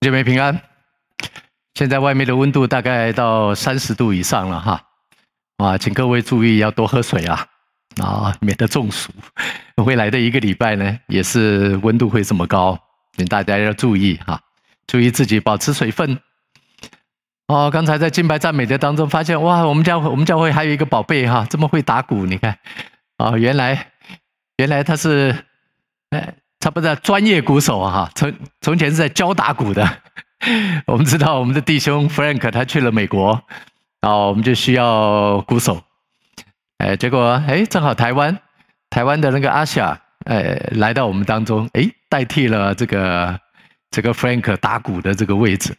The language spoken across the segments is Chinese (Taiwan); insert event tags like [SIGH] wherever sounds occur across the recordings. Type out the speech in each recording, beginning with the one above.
久沒平安，現在外面的溫度大概到三十度以上了哈，啊，請各位注意要多喝水啊，啊，免得中暑。未來的一個禮拜呢，也是溫度會這麼高，請大家要注意哈、啊，注意自己保持水分。哦、啊，剛才在敬拜讚美的當中發現，哇，我們家我們教會還有一個寶貝哈、啊，這麼會打鼓，你看，啊，原來原來他是哎。他不知道，專業鼓手哈、啊，從從前是在教打鼓的。我們知道我們的弟兄 Frank 他去了美國，然、哦、後我們就需要鼓手。哎、結果哎，正好台灣台灣的那個阿霞，哎，來到我們當中，哎，代替了這個這個 Frank 打鼓的這個位置。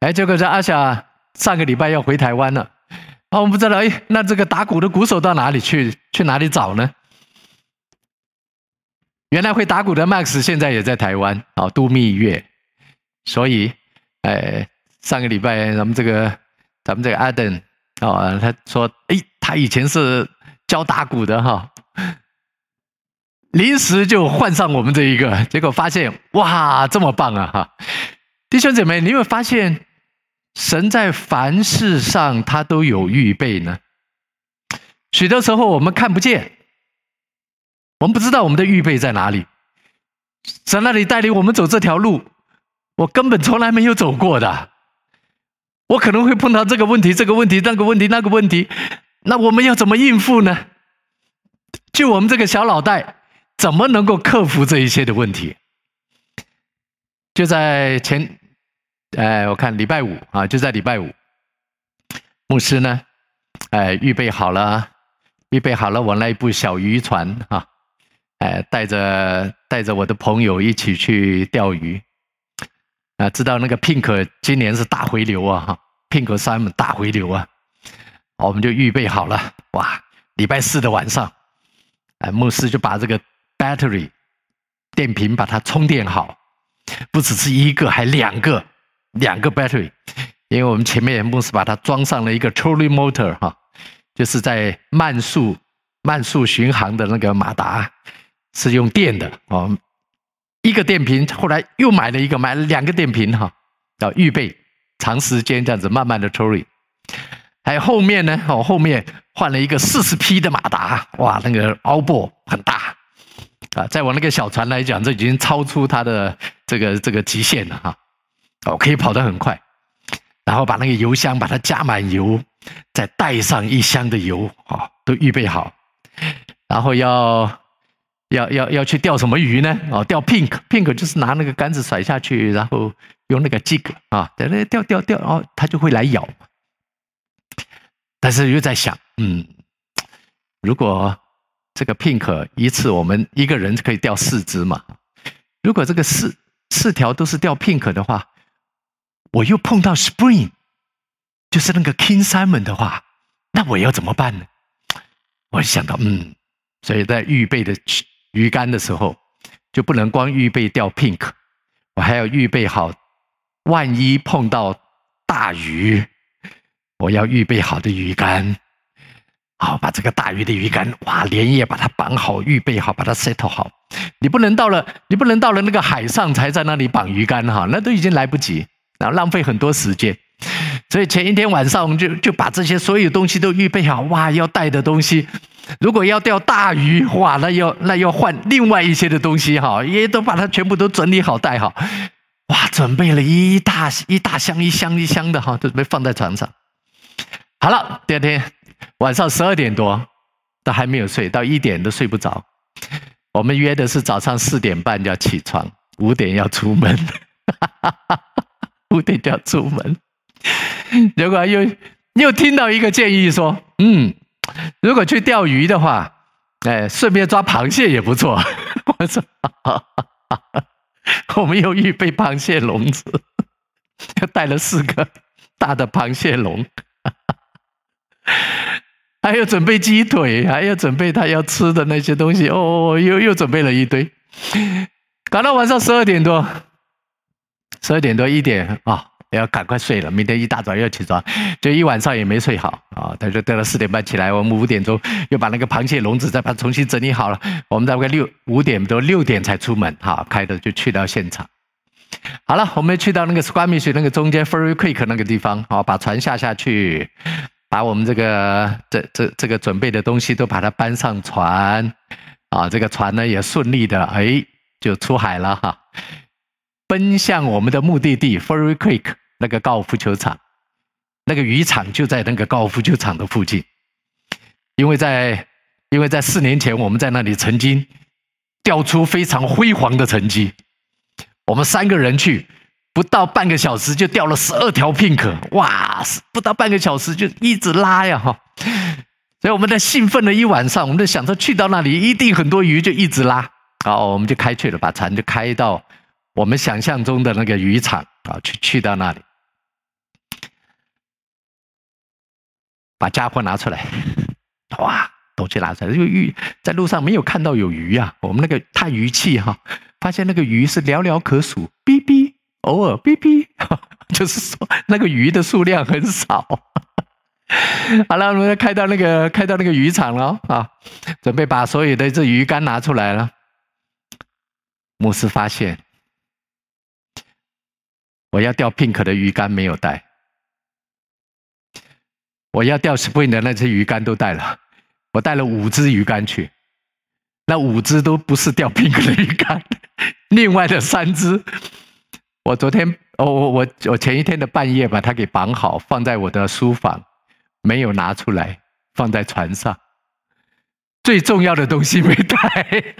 哎，結果這阿霞上個禮拜要回台灣了，好、哦，我們不知道哎，那這個打鼓的鼓手到哪裡去去哪裡找呢？原來會打鼓的 Max 現在也在台灣啊度蜜月，所以哎上個禮拜咱們這個咱們這個 Adam 啊、哦、他說誒、哎，他以前是教打鼓的哈、哦，臨時就換上我們這一個，結果發現哇這麼棒啊哈，弟兄姐妹，你有沒有發現神在凡事上他都有預備呢？許多時候我們看不見。我們不知道我們的預備在哪裡，在那裡帶領我們走這條路，我根本從來沒有走過的，我可能會碰到這個問題、這個問題、那個問題、那個問題，那我們要怎麼應付呢？就我們這個小腦袋，怎麼能夠克服這一切的問題？就在前，哎、呃，我看禮拜五啊，就在禮拜五，牧師呢，哎、呃，預備好了，預備好了，我那一部小漁船啊。哎，帶着帶着我的朋友一起去釣魚，啊，知道那個 pink 今年是大迴流啊，哈，pink salmon 大迴流啊，我們就預備好了，哇，禮拜四的晚上，哎，牧師就把這個 battery 電瓶把它充電好，不只是一個，還兩個，兩個 battery，因為我們前面牧師把它裝上了一個 trolling motor 哈，就是在慢速慢速巡航的那個馬達。是用電的啊，哦，一個電瓶，後來又買了一個，買了兩個電瓶哈，要、哦、預備長時間這樣子慢慢的抽離。還有後面呢，哦，後面換了一個四十匹的馬達，哇，那個凹波很大啊，在我那個小船來講，這已經超出它的這個這個極限了哈，啊。哦，可以跑得很快，然後把那個油箱把它加滿油，再帶上一箱的油啊，哦，都預備好，然後要。要要要去釣什麼魚呢？哦，釣 pink，pink 就是拿那個桿子甩下去，然後用那個 jig 啊，在那釣釣釣，釣，哦，它就會來咬。但是又在想，嗯，如果這個 pink 一次我們一個人可以釣四隻嘛？如果這個四四條都是釣 pink 的話，我又碰到 spring，就是那個 king salmon 的話，那我要怎麼辦呢？我想到，嗯，所以在預備的。魚竿的時候，就不能光預備釣 pink，我還要預備好，萬一碰到大魚，我要預備好的魚竿，好，把這個大魚的魚竿，哇，連夜把它綁好，預備好，把它 set 好。你不能到了，你不能到了那個海上才在那裡綁魚竿哈，那都已經來不及，然後浪費很多時間。所以前一天晚上，我們就就把這些所有東西都預備好，哇，要帶的東西。如果要釣大魚哇，那要那要換另外一些的東西哈，也都把它全部都整理好帶好，哇，準備了一大一大箱一箱一箱的哈，就準備放在床上。好了，第二天晚上十二點多，都還沒有睡，到一點都睡不着。我們約的是早上四點半就要起床，五點要出門， [LAUGHS] 五點就要出門。結果又又聽到一個建議說，嗯。如果去釣魚的話，哎，順便抓螃蟹也不錯。我說，我們又預備螃蟹籠子，帶了四個大的螃蟹籠，還要準備雞腿，還要準備他要吃的那些東西。哦，又又準備了一堆，搞到晚上十二點多，十二點多一點啊。哦要趕快睡了，明天一大早要起床，就一晚上也沒睡好啊。他、哦、就等到四點半起來，我們五點鐘又把那個螃蟹籠子再把它重新整理好了。我們大概六五點多六點才出門哈、哦，開着就去到現場。好了，我們去到那個 Squamish 那個中間 Furry Creek 那個地方好、哦，把船下下去，把我們這個這這這個準備的東西都把它搬上船啊、哦，這個船呢也順利的哎就出海了哈。哦奔向我們的目的地 Furry Creek 那個高爾夫球場，那個漁場就在那個高爾夫球場的附近，因為在因為在四年前我們在那裡曾經釣出非常輝煌的成績，我們三個人去不到半個小時就釣了十二條 pink，哇，不到半個小時就一直拉呀哈，所以我們在興奮了一晚上，我們就想着去到那裡一定很多魚就一直拉，然後我們就開去了，把船就開到。我們想象中的那個漁場啊，去去到那裡，把家伙拿出來，哇，東西拿出來，這個魚在路上沒有看到有魚啊。我們那個探魚器哈、啊，發現那個魚是寥寥可數，嗶嗶，偶爾嗶嗶，就是說那個魚的數量很少。呵呵好了，我們要開到那個開到那個漁場了啊，準備把所有的這魚竿拿出來了。牧師發現。我要釣 pink 的魚竿沒有帶，我要釣 spoon 的那隻魚竿都帶了，我帶了五隻魚竿去，那五隻都不是釣 pink 的魚竿，另外的三隻，我昨天我我我我前一天的半夜把它給綁好放在我的書房，沒有拿出來放在船上，最重要的東西沒帶，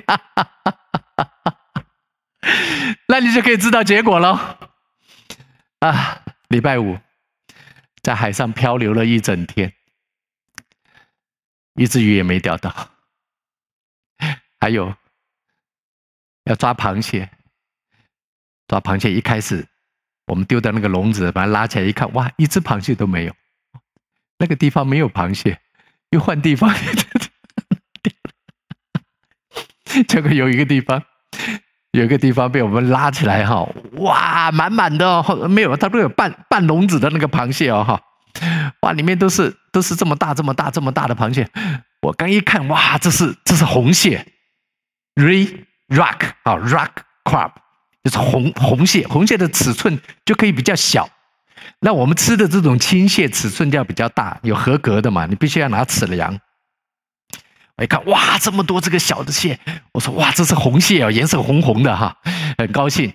那你就可以知道結果囉。啊，禮拜五在海上漂流了一整天，一隻魚也沒釣到。還有要抓螃蟹，抓螃蟹一開始我們丟的那個籠子，把它拉起來一看，哇，一隻螃蟹都沒有，那個地方沒有螃蟹，又換地方，結 [LAUGHS] 果有一個地方。有一個地方被我們拉起來哈，哇，滿滿的哦，沒有，它都有半半籠子的那個螃蟹哦哈，哇，裡面都是都是這麼大這麼大這麼大的螃蟹，我剛一看哇，這是這是紅蟹，ree rock 啊 rock crab，就是紅紅蟹，紅蟹的尺寸就可以比較小，那我們吃的這種青蟹尺寸就要比較大，有合格的嘛，你必須要拿尺量。一、哎、看哇，這麼多這個小的蟹，我說哇，這是紅蟹哦，顏色紅紅的哈，很高興。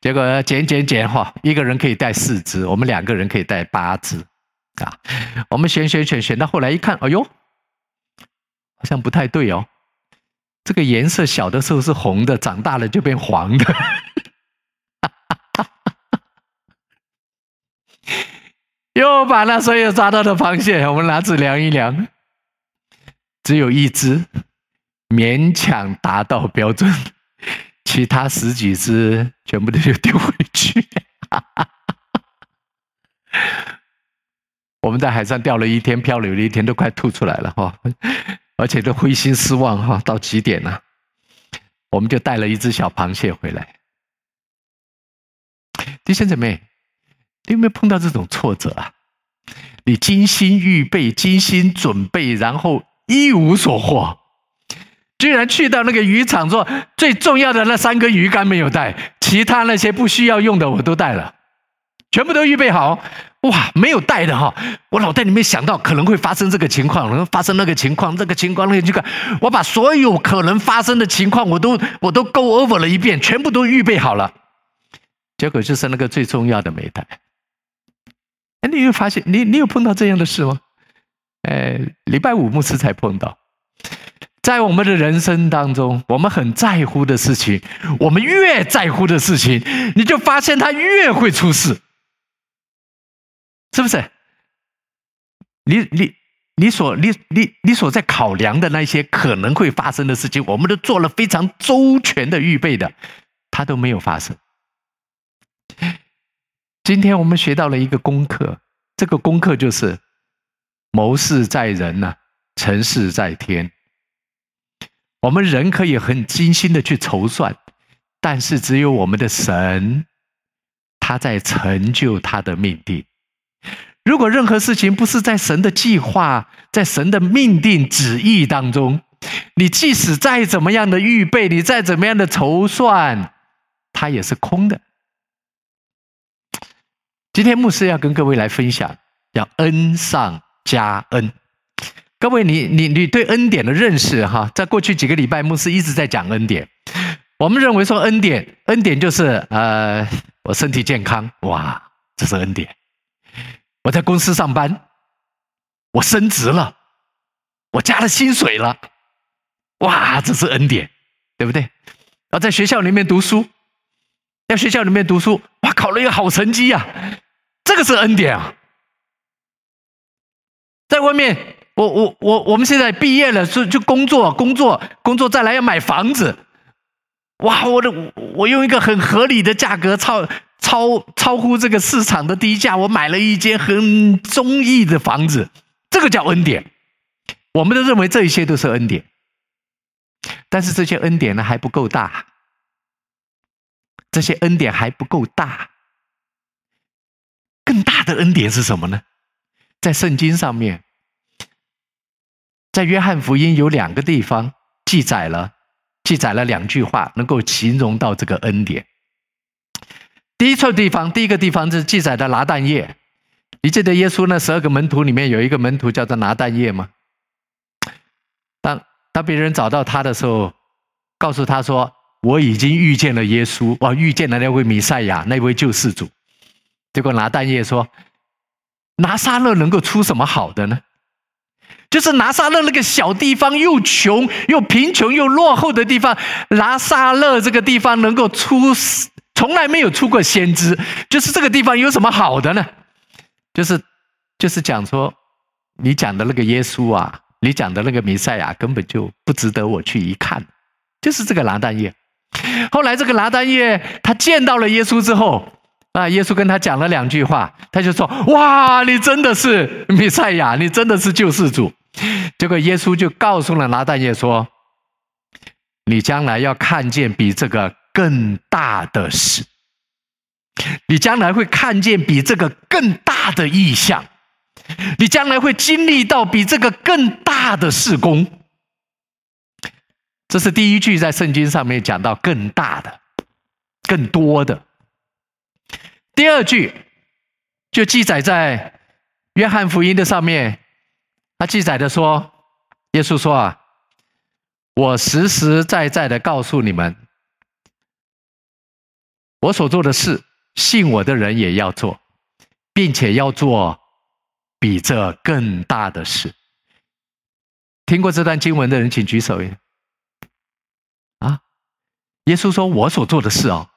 結果撿撿撿哈，一個人可以帶四隻，我們兩個人可以帶八隻，啊，我們選選選選，選到後來一看，哎呦，好像不太對哦，這個顏色小的時候是紅的，長大了就變黃的，哈哈哈哈哈，又把那所有抓到的螃蟹，我們拿尺量一量。只有一隻勉強達到標準，其他十幾隻全部都又丟回去。 [LAUGHS] 我們在海上釣了一天，漂流了一天，都快吐出來了哈、哦，而且都灰心失望哈、哦，到極點了、啊。我們就帶了一隻小螃蟹回來。弟兄姊妹，你有沒有碰到這種挫折啊？你精心預備，精心準備，然後。一無所獲，居然去到那個漁場做最重要的那三根魚竿沒有帶，其他那些不需要用的我都帶了，全部都預備好。哇，沒有帶的哈，我腦袋裡面想到可能會發生這個情況，能發生那個情況，這個情況，那個情況，我把所有可能發生的情況我都我都 go over 了一遍，全部都預備好了，結果就是那個最重要的沒帶。哎，你有發現？你你有碰到這樣的事嗎？呃、哎，禮拜五牧師才碰到，在我們的人生當中，我們很在乎的事情，我們越在乎的事情，你就發現它越會出事，是不是？你你你所你你你所在考量的那些可能會發生的事情，我們都做了非常周全的預備的，它都沒有發生。今天我們學到了一個功課，這個功課就是。謀事在人吶、啊，成事在天。我們人可以很精心的去籌算，但是只有我們的神，他在成就他的命定。如果任何事情不是在神的計劃、在神的命定旨意當中，你即使再怎麼樣的預備，你再怎麼樣的籌算，它也是空的。今天牧師要跟各位來分享，要恩上。加恩，各位你，你你你對恩典的認識哈，在過去幾個禮拜，牧師一直在講恩典。我們認為說恩典，恩典，恩典就是呃，我身體健康，哇，這是恩典；我在公司上班，我升職了，我加了薪水了，哇，這是恩典，對不對？然後在學校裡面讀書，在學校裡面讀書，哇，考了一個好成績呀、啊，這個是恩典啊。在外面，我我我我們現在畢業了，就去工作，工作工作，再來要買房子，哇！我的，我用一個很合理的價格，超超超乎這個市場的低價，我買了一間很中意的房子，這個叫恩典。我們都認為這一些都是恩典，但是這些恩典呢還不夠大，這些恩典還不夠大。更大的恩典是什麼呢？在聖經上面，在約翰福音有兩個地方記載了，記載了兩句話，能夠形容到這個恩典。第一處地方，第一個地方是記載的拿但業。你記得耶穌那十二個門徒裡面有一個門徒叫做拿但業嗎？當當別人找到他的時候，告訴他說：“我已經遇見了耶穌，我遇見了那位彌賽亞，那位救世主。”結果拿但業說。拿撒勒能夠出什麼好的呢？就是拿撒勒那個小地方，又窮又貧窮又落後的地方，拿撒勒這個地方能夠出，從來沒有出過先知。就是這個地方有什麼好的呢？就是就是講說，你講的那個耶穌啊，你講的那個彌賽亞根本就不值得我去一看。就是這個拿但業，後來這個拿但業他見到了耶穌之後。那耶穌跟他講了兩句話，他就說：“哇，你真的是彌賽亞，你真的是救世主。”結果耶穌就告訴了拿但業說：“你將來要看見比這個更大的事，你將來會看見比這個更大的異象，你將來會經歷到比這個更大的事工。”這是第一句在聖經上面講到更大的、更多的。第二句就記載在約翰福音的上面，他記載著說，耶穌說啊，我實實在在的告訴你們，我所做的事，信我的人也要做，並且要做比這更大的事。聽過這段經文的人，請舉手一下。啊，耶穌說我所做的事哦。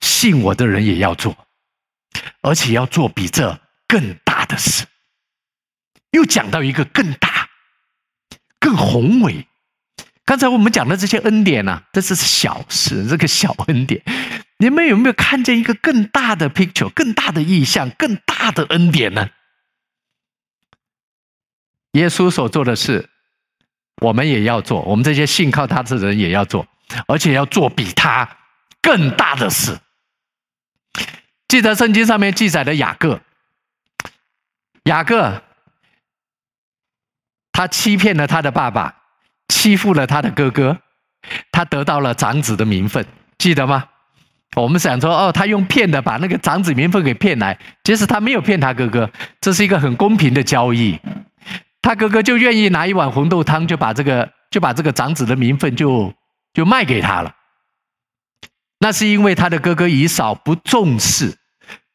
信我的人也要做，而且要做比這更大的事。又講到一個更大，更宏偉。剛才我們講的這些恩典呢、啊，這只是小事，這個小恩典。你們有沒有看見一個更大的 picture、更大的意象、更大的恩典呢？耶穌所做的事，我們也要做，我們這些信靠他的人也要做，而且要做比他更大的事。記得聖經上面記載的雅各，雅各，他欺騙了他的爸爸，欺負了他的哥哥，他得到了長子的名分，記得嗎？我們想說，哦，他用騙的把那個長子名分給騙來。其實他沒有騙他哥哥，這是一個很公平的交易，他哥哥就願意拿一碗紅豆湯，就把這個就把這個長子的名分就就賣給他了。那是因為他的哥哥以掃不重視，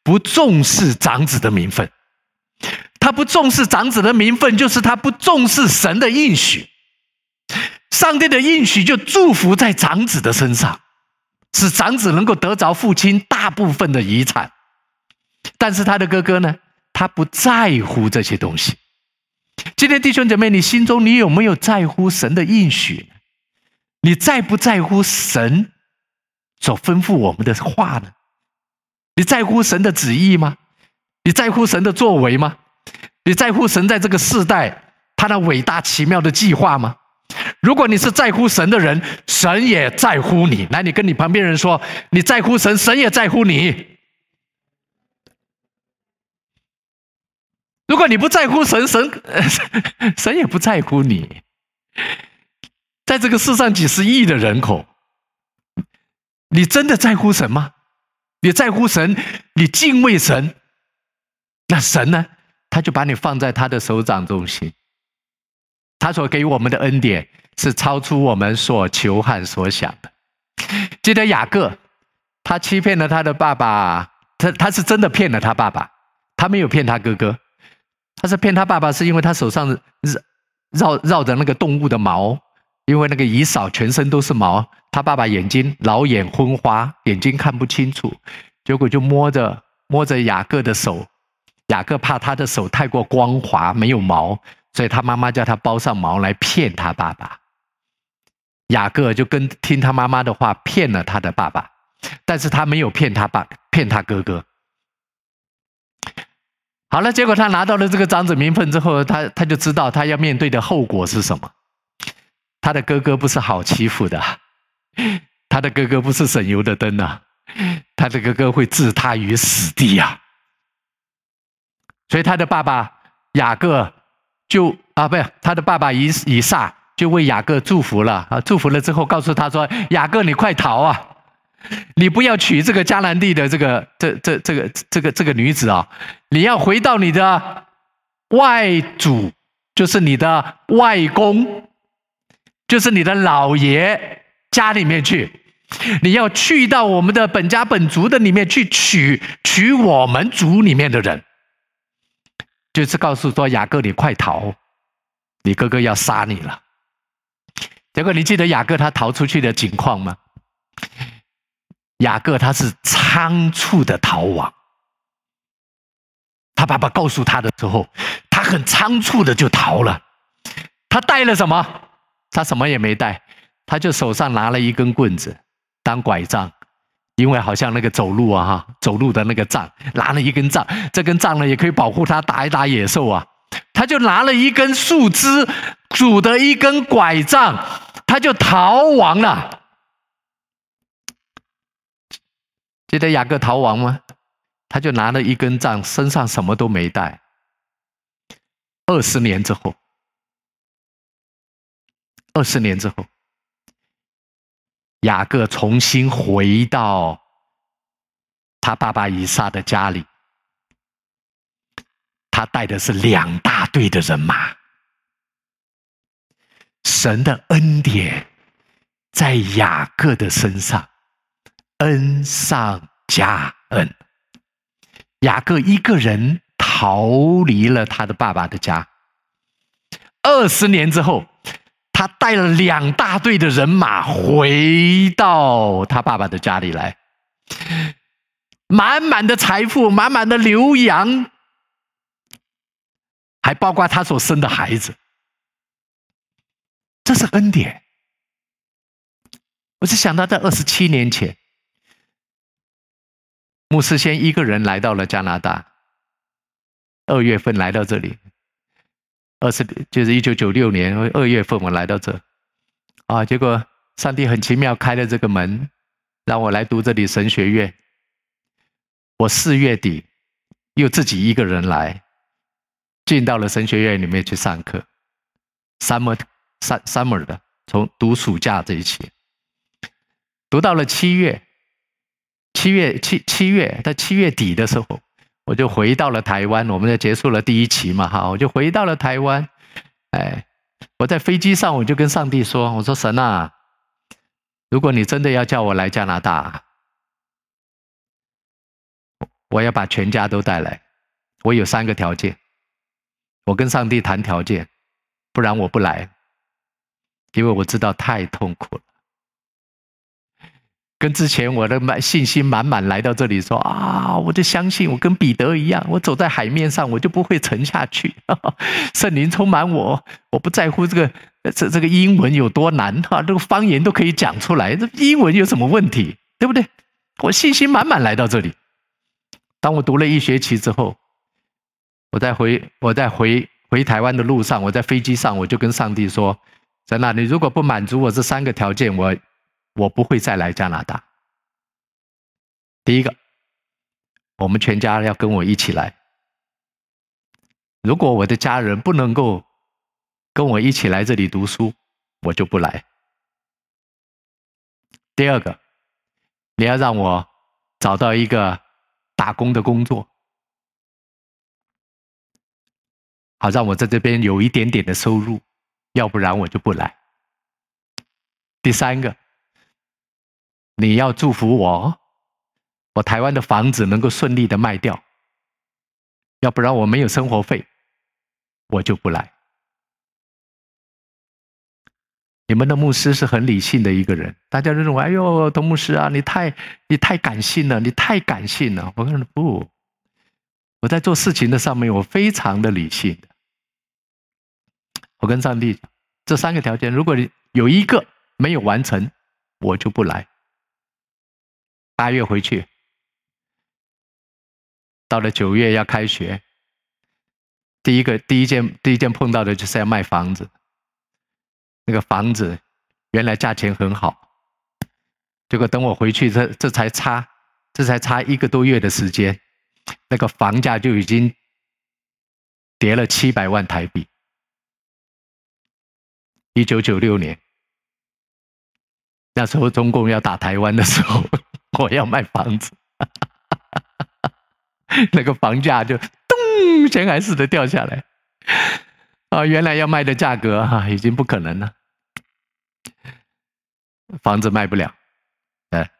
不重視長子的名分。他不重視長子的名分，就是他不重視神的應許。上帝的應許就祝福在長子的身上，使長子能夠得着父親大部分的遺產。但是他的哥哥呢，他不在乎這些東西。今天弟兄姐妹，你心中你有沒有在乎神的應許？你在不在乎神所吩咐我們的話呢？你在乎神的旨意嗎？你在乎神的作為嗎？你在乎神在這個世代，他那偉大奇妙的計劃嗎？如果你是在乎神的人，神也在乎你。來，你跟你旁邊人說，你在乎神，神也在乎你。如果你不在乎神，神，神也不在乎你。在這個世上幾十億的人口。你真的在乎神嗎？你在乎神，你敬畏神，那神呢？他就把你放在他的手掌中心。他所給我們的恩典是超出我們所求和所想的。記得雅各，他欺騙了他的爸爸，他他是真的騙了他爸爸，他沒有騙他哥哥，他是騙他爸爸，是因為他手上繞繞着那個動物的毛。因為那個以掃全身都是毛，他爸爸眼睛老眼昏花，眼睛看不清楚，結果就摸着摸着雅各的手，雅各怕他的手太過光滑沒有毛，所以他媽媽叫他包上毛來騙他爸爸。雅各就跟聽他媽媽的話騙了他的爸爸，但是他沒有騙他爸騙他哥哥。好了，結果他拿到了這個長子名分之後，他他就知道他要面對的後果是什麼。他的哥哥不是好欺負的，他的哥哥不是省油的燈吶、啊，他的哥哥會置他於死地呀、啊。所以他的爸爸雅各就啊，不是他的爸爸以以撒就為雅各祝福了啊，祝福了之後告訴他說：“雅各，你快逃啊！你不要娶這個迦南地的這個這這這個這個這個女子啊，你要回到你的外祖，就是你的外公。”就是你的姥爺家裡面去，你要去到我們的本家本族的裡面去娶娶我們族裡面的人，就是告訴說，雅各，你快逃，你哥哥要殺你了。結果你記得雅各他逃出去的情況嗎？雅各他是倉促的逃亡，他爸爸告訴他的時候，他很倉促的就逃了，他帶了什麼？他什麼也沒帶，他就手上拿了一根棍子當拐杖，因為好像那個走路啊哈，走路的那個杖，拿了一根杖，這根杖呢也可以保護他打一打野獸啊。他就拿了一根樹枝，拄著一根拐杖，他就逃亡了。記得雅各逃亡嗎？他就拿了一根杖，身上什麼都沒帶。二十年之後。二十年之後，雅各重新回到他爸爸以撒的家裡。他帶的是兩大隊的人馬。神的恩典在雅各的身上，恩上加恩。雅各一個人逃離了他的爸爸的家。二十年之後。他帶了兩大隊的人馬回到他爸爸的家裡來，滿滿的財富，滿滿的牛羊，還包括他所生的孩子。這是恩典。我是想到在二十七年前，牧師先一個人來到了加拿大，二月份來到這裡。二十就是一九九六年二月份，我來到這，啊，結果上帝很奇妙開了這個門，讓我來讀這裡神學院。我四月底又自己一個人來，進到了神學院裡面去上課。summer，summer Summer 的，從讀暑假這一期，讀到了七月，七月七七月到七月底的時候。我就回到了台灣，我們就結束了第一期嘛，哈，我就回到了台灣。哎，我在飛機上，我就跟上帝說：“我說，神啊，如果你真的要叫我來加拿大，我要把全家都帶來。我有三個條件，我跟上帝談條件，不然我不來，因為我知道太痛苦了。”跟之前我的滿信心滿滿來到這裡說啊，我就相信我跟彼得一樣，我走在海面上，我就不會沉下去。啊、聖靈充滿我，我不在乎這個這這個英文有多難哈、啊，這個方言都可以講出來，這英文有什麼問題？對不對？我信心滿滿來到這裡。當我讀了一學期之後，我在回我在回回台灣的路上，我在飛機上我就跟上帝說，神啊，你如果不滿足我這三個條件，我。我不會再來加拿大。第一個，我們全家要跟我一起來。如果我的家人不能夠跟我一起來這裡讀書，我就不來。第二個，你要讓我找到一個打工的工作，好讓我在這邊有一點點的收入，要不然我就不來。第三個，你要祝福我，我台灣的房子能夠順利的賣掉，要不然我沒有生活費，我就不來。你們的牧師是很理性的一個人，大家認為哎呦，童牧師啊，你太你太感性了，你太感性了。我跟他說不，我在做事情的上面我非常的理性。我跟上帝講，這三個條件，如果你有一個沒有完成，我就不來。八月回去，到了九月要開學。第一個第一件第一件碰到的就是要賣房子。那個房子原來價錢很好，結果等我回去，這這才差，這才差一個多月的時間，那個房價就已經跌了七百萬台幣。一九九六年，那時候中共要打台灣的時候。我要賣房子，哈哈哈，那個房價就咚，懸崖似的掉下來，啊，原來要賣的價格哈，已經不可能了，房子賣不了，哎，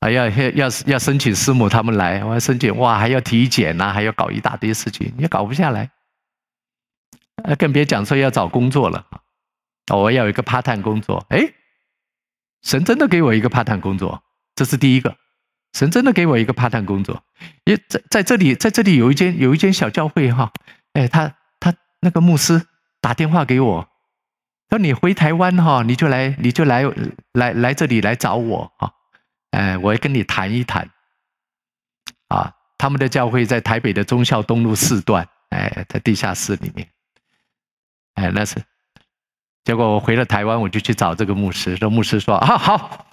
還要要要申請師母他們來，我要申請哇，還要體檢吶、啊，還要搞一大堆事情，也搞不下來，更別講說要找工作了，我要有一個 part time、um、工作，哎，神真的給我一個 part time、um、工作。這是第一個，神真的給我一個 part-time 工作，也在在這裡，在這裡有一間有一間小教會哈，哎，他他那個牧師打電話給我，說你回台灣哈，你就來你就來你就來來，來這裡來找我哈，哎，我跟你談一談，啊，他們的教會在台北的忠孝東路四段，哎，在地下室裡面，哎，那是，結果我回了台灣，我就去找這個牧師，這牧師說啊好。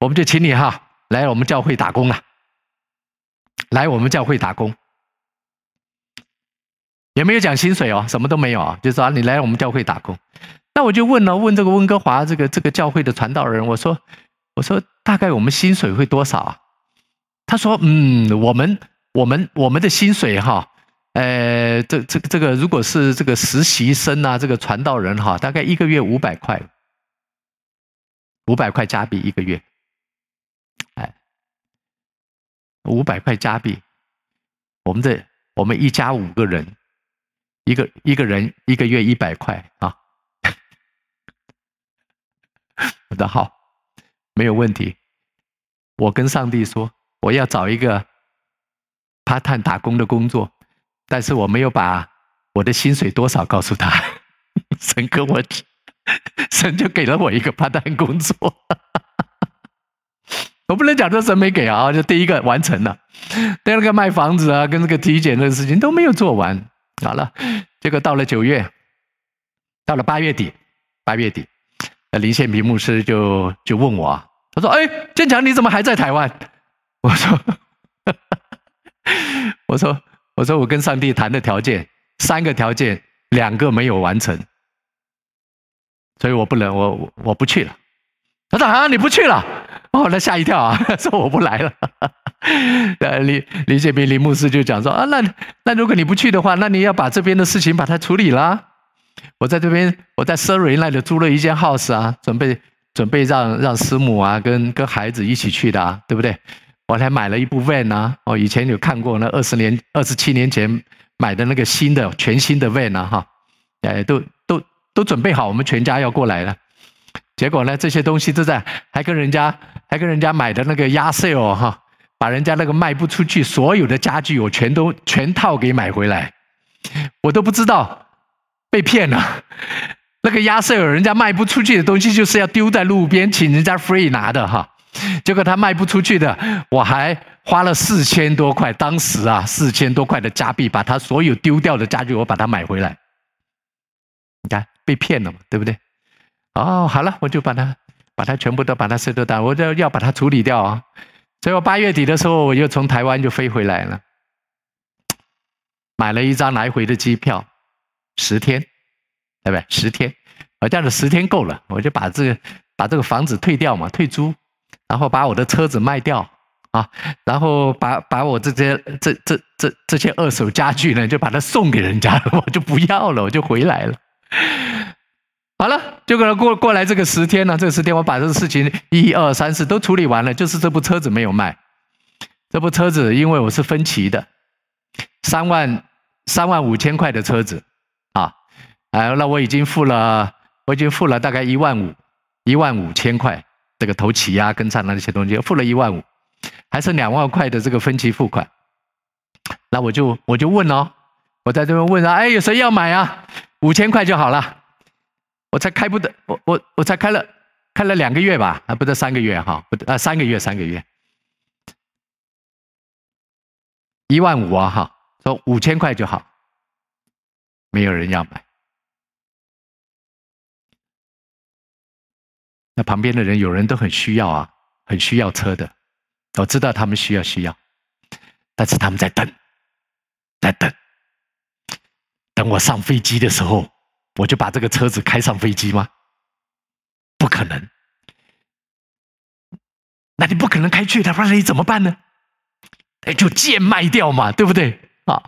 我們就請你哈來我們教會打工啊。來我們教會打工，也沒有講薪水哦，什麼都沒有啊，就說你來我們教會打工，那我就問了問這個溫哥華這個這個教會的傳道人，我說我說大概我們薪水會多少啊？他說嗯，我們我們我們的薪水哈，呃，這這這個如果是這個實習生啊，這個傳道人哈，大概一個月五百塊，五百塊加幣一個月。五百塊加幣，我們這，我們一家五個人，一個一個人一個月一百塊啊。好的，好，沒有問題。我跟上帝說，我要找一個 part time 打工的工作，但是我沒有把我的薪水多少告訴他。神給我，神就給了我一個 part time 工作。我不能講這神沒給啊，就第一個完成了，第二個賣房子啊，跟這個體檢的事情都沒有做完。好了，結果到了九月，到了八月底，八月底，那林憲平牧師就就問我啊，他說：“哎，建強，你怎麼還在台灣？”我說：“ [LAUGHS] 我說，我說，我跟上帝談的條件，三個條件，兩個沒有完成，所以我不能，我我，我不去了。”他說：“啊，你不去了？”哦，那嚇一跳啊！說我不來了。呃， [LAUGHS] 李李建民李牧師就講說啊，那那如果你不去的話，那你要把這邊的事情把它處理了啊。我在這邊我在 Surrey 那裡租了一間 house 啊，準備準備讓讓師母啊跟跟孩子一起去的啊，對不對？我還買了一部 van 啊，哦，以前有看過那二十年二十七年前買的那個新的全新的 van 哈，啊，哎，都都都準備好，我們全家要過來了。結果呢，這些東西都在，還跟人家，還跟人家買的那個 yard sale 哈，把人家那個賣不出去所有的家具，我全都全套給買回來。我都不知道被騙了。那個 yard sale 人家賣不出去的東西，就是要丟在路邊，請人家 free 拿的哈。結果他賣不出去的，我還花了四千多塊，當時啊，四千多塊的加幣，把他所有丟掉的家具我把它買回來。你看被騙了嘛，對不對？哦，oh, 好了，我就把它，把它全部都把它塞到，我就要把它處理掉啊、哦。所以我八月底的時候，我又從台灣就飛回來了，買了一張來回的機票，十天，對不對？十天，我這樣的十天夠了，我就把這個，把這個房子退掉嘛，退租，然後把我的車子賣掉啊，然後把把我這些這這這這些二手家具呢，就把它送給人家了，我就不要了，我就回來了。好了，就跟他過過來這個十天呢，這個十天我把這個事情一二三四都處理完了，就是這部車子沒有賣。這部車子因為我是分期的，三萬三萬五千塊的車子，啊，啊、哎，那我已經付了，我已經付了大概一萬五一萬五千塊，這個頭期啊跟上那些東西付了一萬五，還剩兩萬塊的這個分期付款。那我就我就問哦，我在這邊問啊，哎，有誰要買啊？五千塊就好了。我才開不得，我我我才開了，開了兩個月吧，啊，不得三個月哈，不得啊，三個月，三個月，一萬五啊，哈，說五千塊就好，沒有人要買。那旁邊的人有人都很需要啊，很需要車的，我知道他們需要需要，但是他們在等，在等，等我上飛機的時候，我就把這個車子開上飛機嗎？不可能！那你不可能開去的，他說那你怎麼辦呢？哎，就賤賣掉嘛，對不對？啊，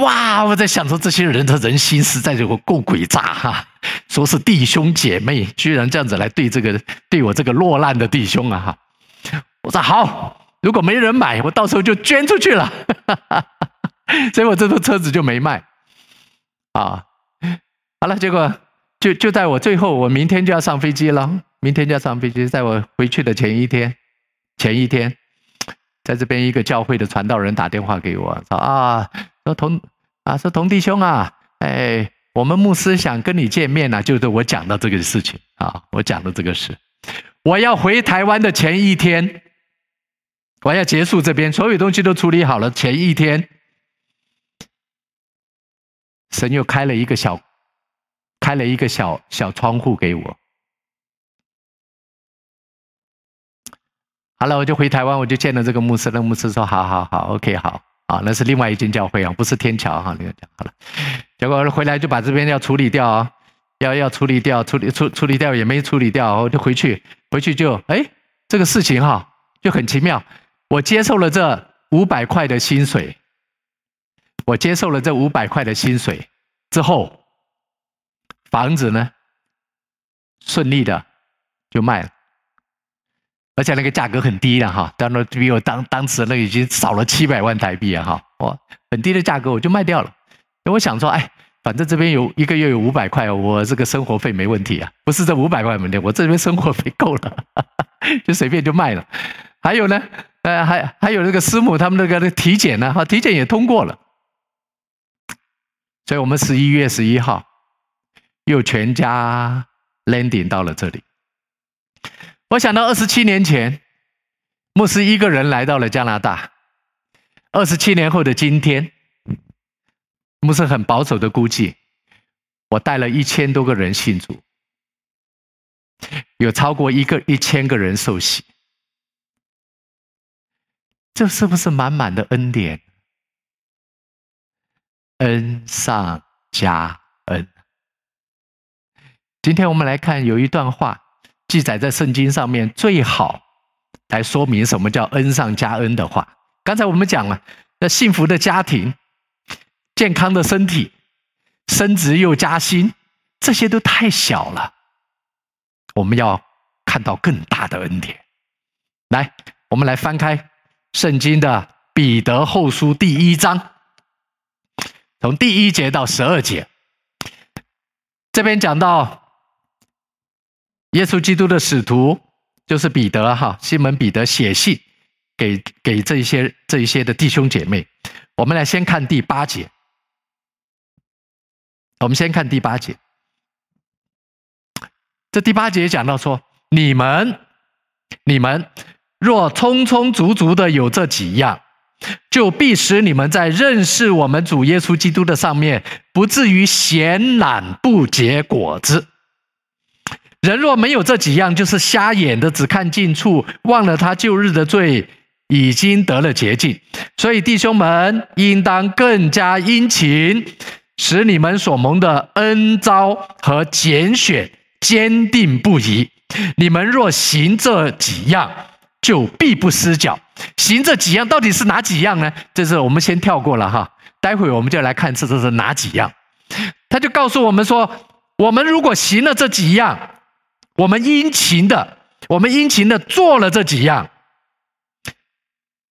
哇！我在想說，這些人他人心實在這夠詭詐哈，說是弟兄姐妹，居然這樣子來對這個對我這個落難的弟兄啊哈、啊！我說好，如果沒人買，我到時候就捐出去了。哈哈，所以我這部車子就沒賣，啊。好了，結果就就在我最後，我明天就要上飛機了，明天就要上飛機。在我回去的前一天，前一天，在這邊一個教會的傳道人打電話給我，說啊，說同啊，說同弟兄啊，哎，我們牧師想跟你見面吶、啊，就是我講到這個事情啊，我講的這個事，我要回台灣的前一天，我要結束這邊所有東西都處理好了前一天，神又開了一個小。開了一個小小窗戶給我。好了，我就回台灣，我就見了這個牧師，那個、牧師說：“好好好，OK，好，好，那是另外一間教會啊，不是天橋哈、啊，那個講好了。”結果回來就把這邊要處理掉，啊，要要處理掉，處理處處理掉也沒處理掉，我就回去，回去就哎，這個事情哈、啊、就很奇妙，我接受了這五百塊的薪水，我接受了這五百塊的薪水之後。房子呢，順利的就賣了，而且那個價格很低的哈，當然比我當當時那已經少了七百萬台幣啊哈，我很低的價格我就賣掉了，所以我想說，哎，反正這邊有一個月有五百塊，我這個生活費沒問題啊，不是這五百塊沒問題，我這邊生活費夠了，哈哈哈，就隨便就賣了。還有呢，呃，還還有那個師母他們那個那體檢呢哈，體檢也通過了，所以我們十一月十一號。又全家 landing 到了這裡。我想到二十七年前，牧師一個人來到了加拿大。二十七年後的今天，牧師很保守的估計，我帶了一千多個人信主，有超過一個一千個人受洗。這是不是滿滿的恩典？恩上加。今天我們來看有一段話，記載在聖經上面，最好來說明什麼叫恩上加恩的話。剛才我們講了，那幸福的家庭、健康的身體、升職又加薪，這些都太小了。我們要看到更大的恩典。來，我們來翻開聖經的《彼得後書》第一章，從第一節到十二節，這邊講到。耶穌基督的使徒，就是彼得哈，西門彼得寫信給，給這一些、這一些的弟兄姐妹，我們來先看第八節。我們先看第八節。這第八節講到說：你們你們若充充足足的有這幾樣，就必使你們在認識我們主耶穌基督的上面，不至於閒懶不結果子。人若沒有這幾樣，就是瞎眼的，只看近處，忘了他舊日的罪，已經得了潔淨。所以弟兄們應當更加殷勤，使你們所蒙的恩召和揀選堅定不移。你們若行這幾樣，就必不失腳。行這幾樣到底是哪幾樣呢？這是我們先跳過了哈，待會我們就來看這是哪幾樣。他就告訴我們說，我們如果行了這幾樣。我們殷勤的，我們殷勤的做了這幾樣，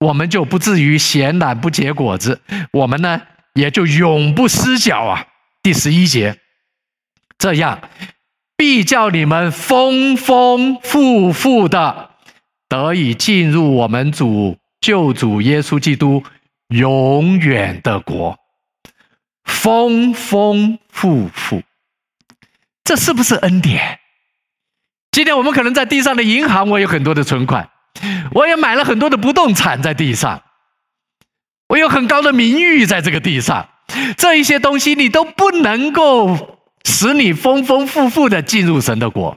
我們就不至於閒懶不結果子，我們呢也就永不失腳啊。第十一節，這樣必叫你們豐豐富富的得以進入我們主救主耶穌基督永遠的國，豐豐富富，這是不是恩典？今天我們可能在地上的銀行，我有很多的存款，我也買了很多的不動產在地上，我有很高的名譽在這個地上，這一些東西你都不能夠使你豐豐富富的進入神的國。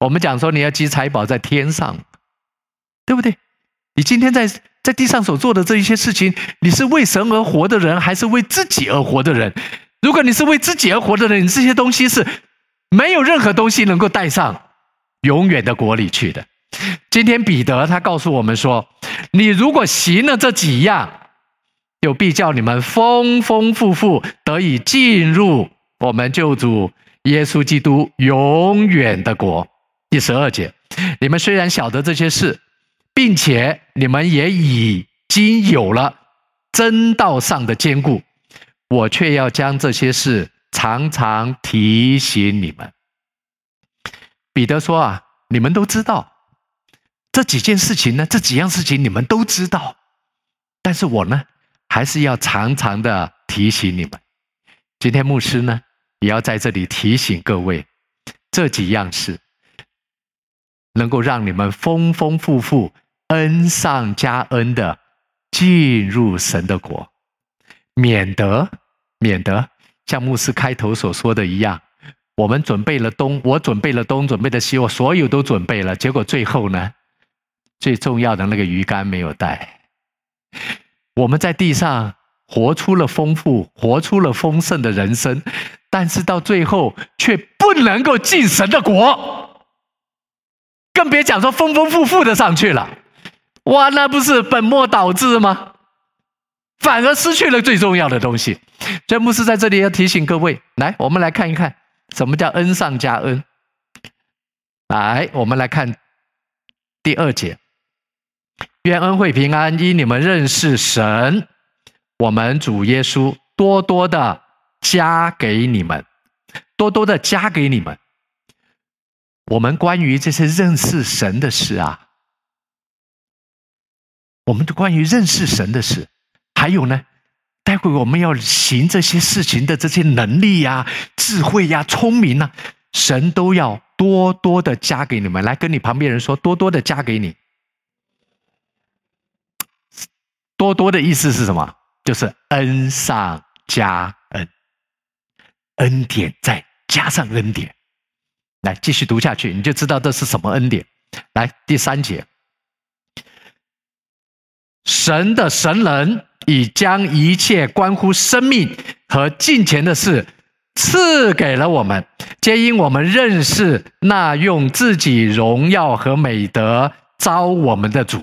我們講說你要積財寶在天上，對不對？你今天在在地上所做的這一些事情，你是為神而活的人，還是為自己而活的人？如果你是為自己而活的人，你這些東西是。沒有任何東西能夠帶上永遠的國裡去的。今天彼得他告訴我們說：“你如果行了這幾樣，就必叫你們豐豐富富得以進入我們救主耶穌基督永遠的國。”第十二節，你們雖然曉得這些事，並且你們也已經有了真道上的堅固，我卻要將這些事。常常提醒你們，彼得說：“啊，你們都知道這幾件事情呢，這幾樣事情你們都知道，但是我呢，還是要常常的提醒你們。今天牧師呢，也要在這裡提醒各位，這幾樣事能夠讓你們豐豐富富、恩上加恩的進入神的國，免得，免得。”像牧師開頭所說的一樣，我們準備了東，我準備了東，準備了西，我所有都準備了。結果最後呢，最重要的那個魚竿沒有帶。我們在地上活出了豐富，活出了豐盛的人生，但是到最後卻不能夠進神的國，更別講說豐豐富富的上去了。哇，那不是本末倒置嗎？反而失去了最重要的東西，這牧師在這裡要提醒各位，來，我們來看一看什麼叫恩上加恩。來，我們來看第二節，願恩惠平安，因你們認識神，我們主耶穌多多的加給你們，多多的加給你們。我們關於這些認識神的事啊，我們的關於認識神的事。還有呢，待會我們要行這些事情的這些能力呀、啊、智慧呀、啊、聰明吶、啊，神都要多多的加給你們，來跟你旁邊人說，多多的加給你。多多的意思是什麼？就是恩上加恩，恩典再加上恩典。來，繼續讀下去，你就知道這是什麼恩典。來，第三節。神的神能已將一切關乎生命和虔敬的事賜給了我們，皆因我們認識那用自己榮耀和美德召我們的主。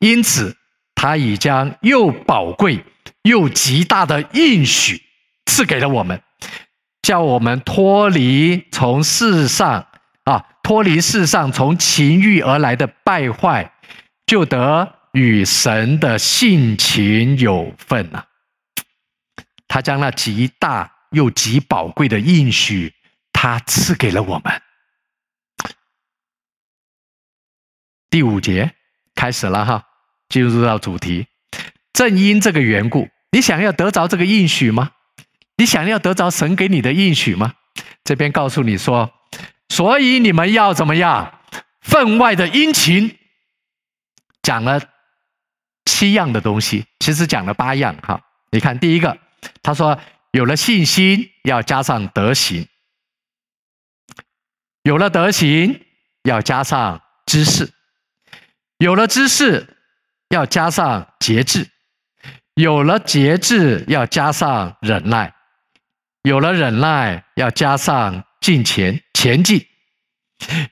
因此他已將又寶貴又極大的應許賜給了我們，叫我們脫離從世上啊脫離世上從情慾而來的敗壞，就得。與神的性情有份吶、啊，他將那極大又極寶貴的應許，他賜給了我們。第五節開始了哈，進入到主題。正因這個緣故，你想要得着這個應許嗎？你想要得着神給你的應許嗎？這邊告訴你說，所以你們要怎麼樣？分外的殷勤。講了。七樣的東西，其實講了八樣。哈，你看，第一個，他說有了信心，要加上德行；有了德行，要加上知識；有了知識，要加上節制；有了節制，要加上忍耐；有了忍耐，要加上虔敬，虔敬；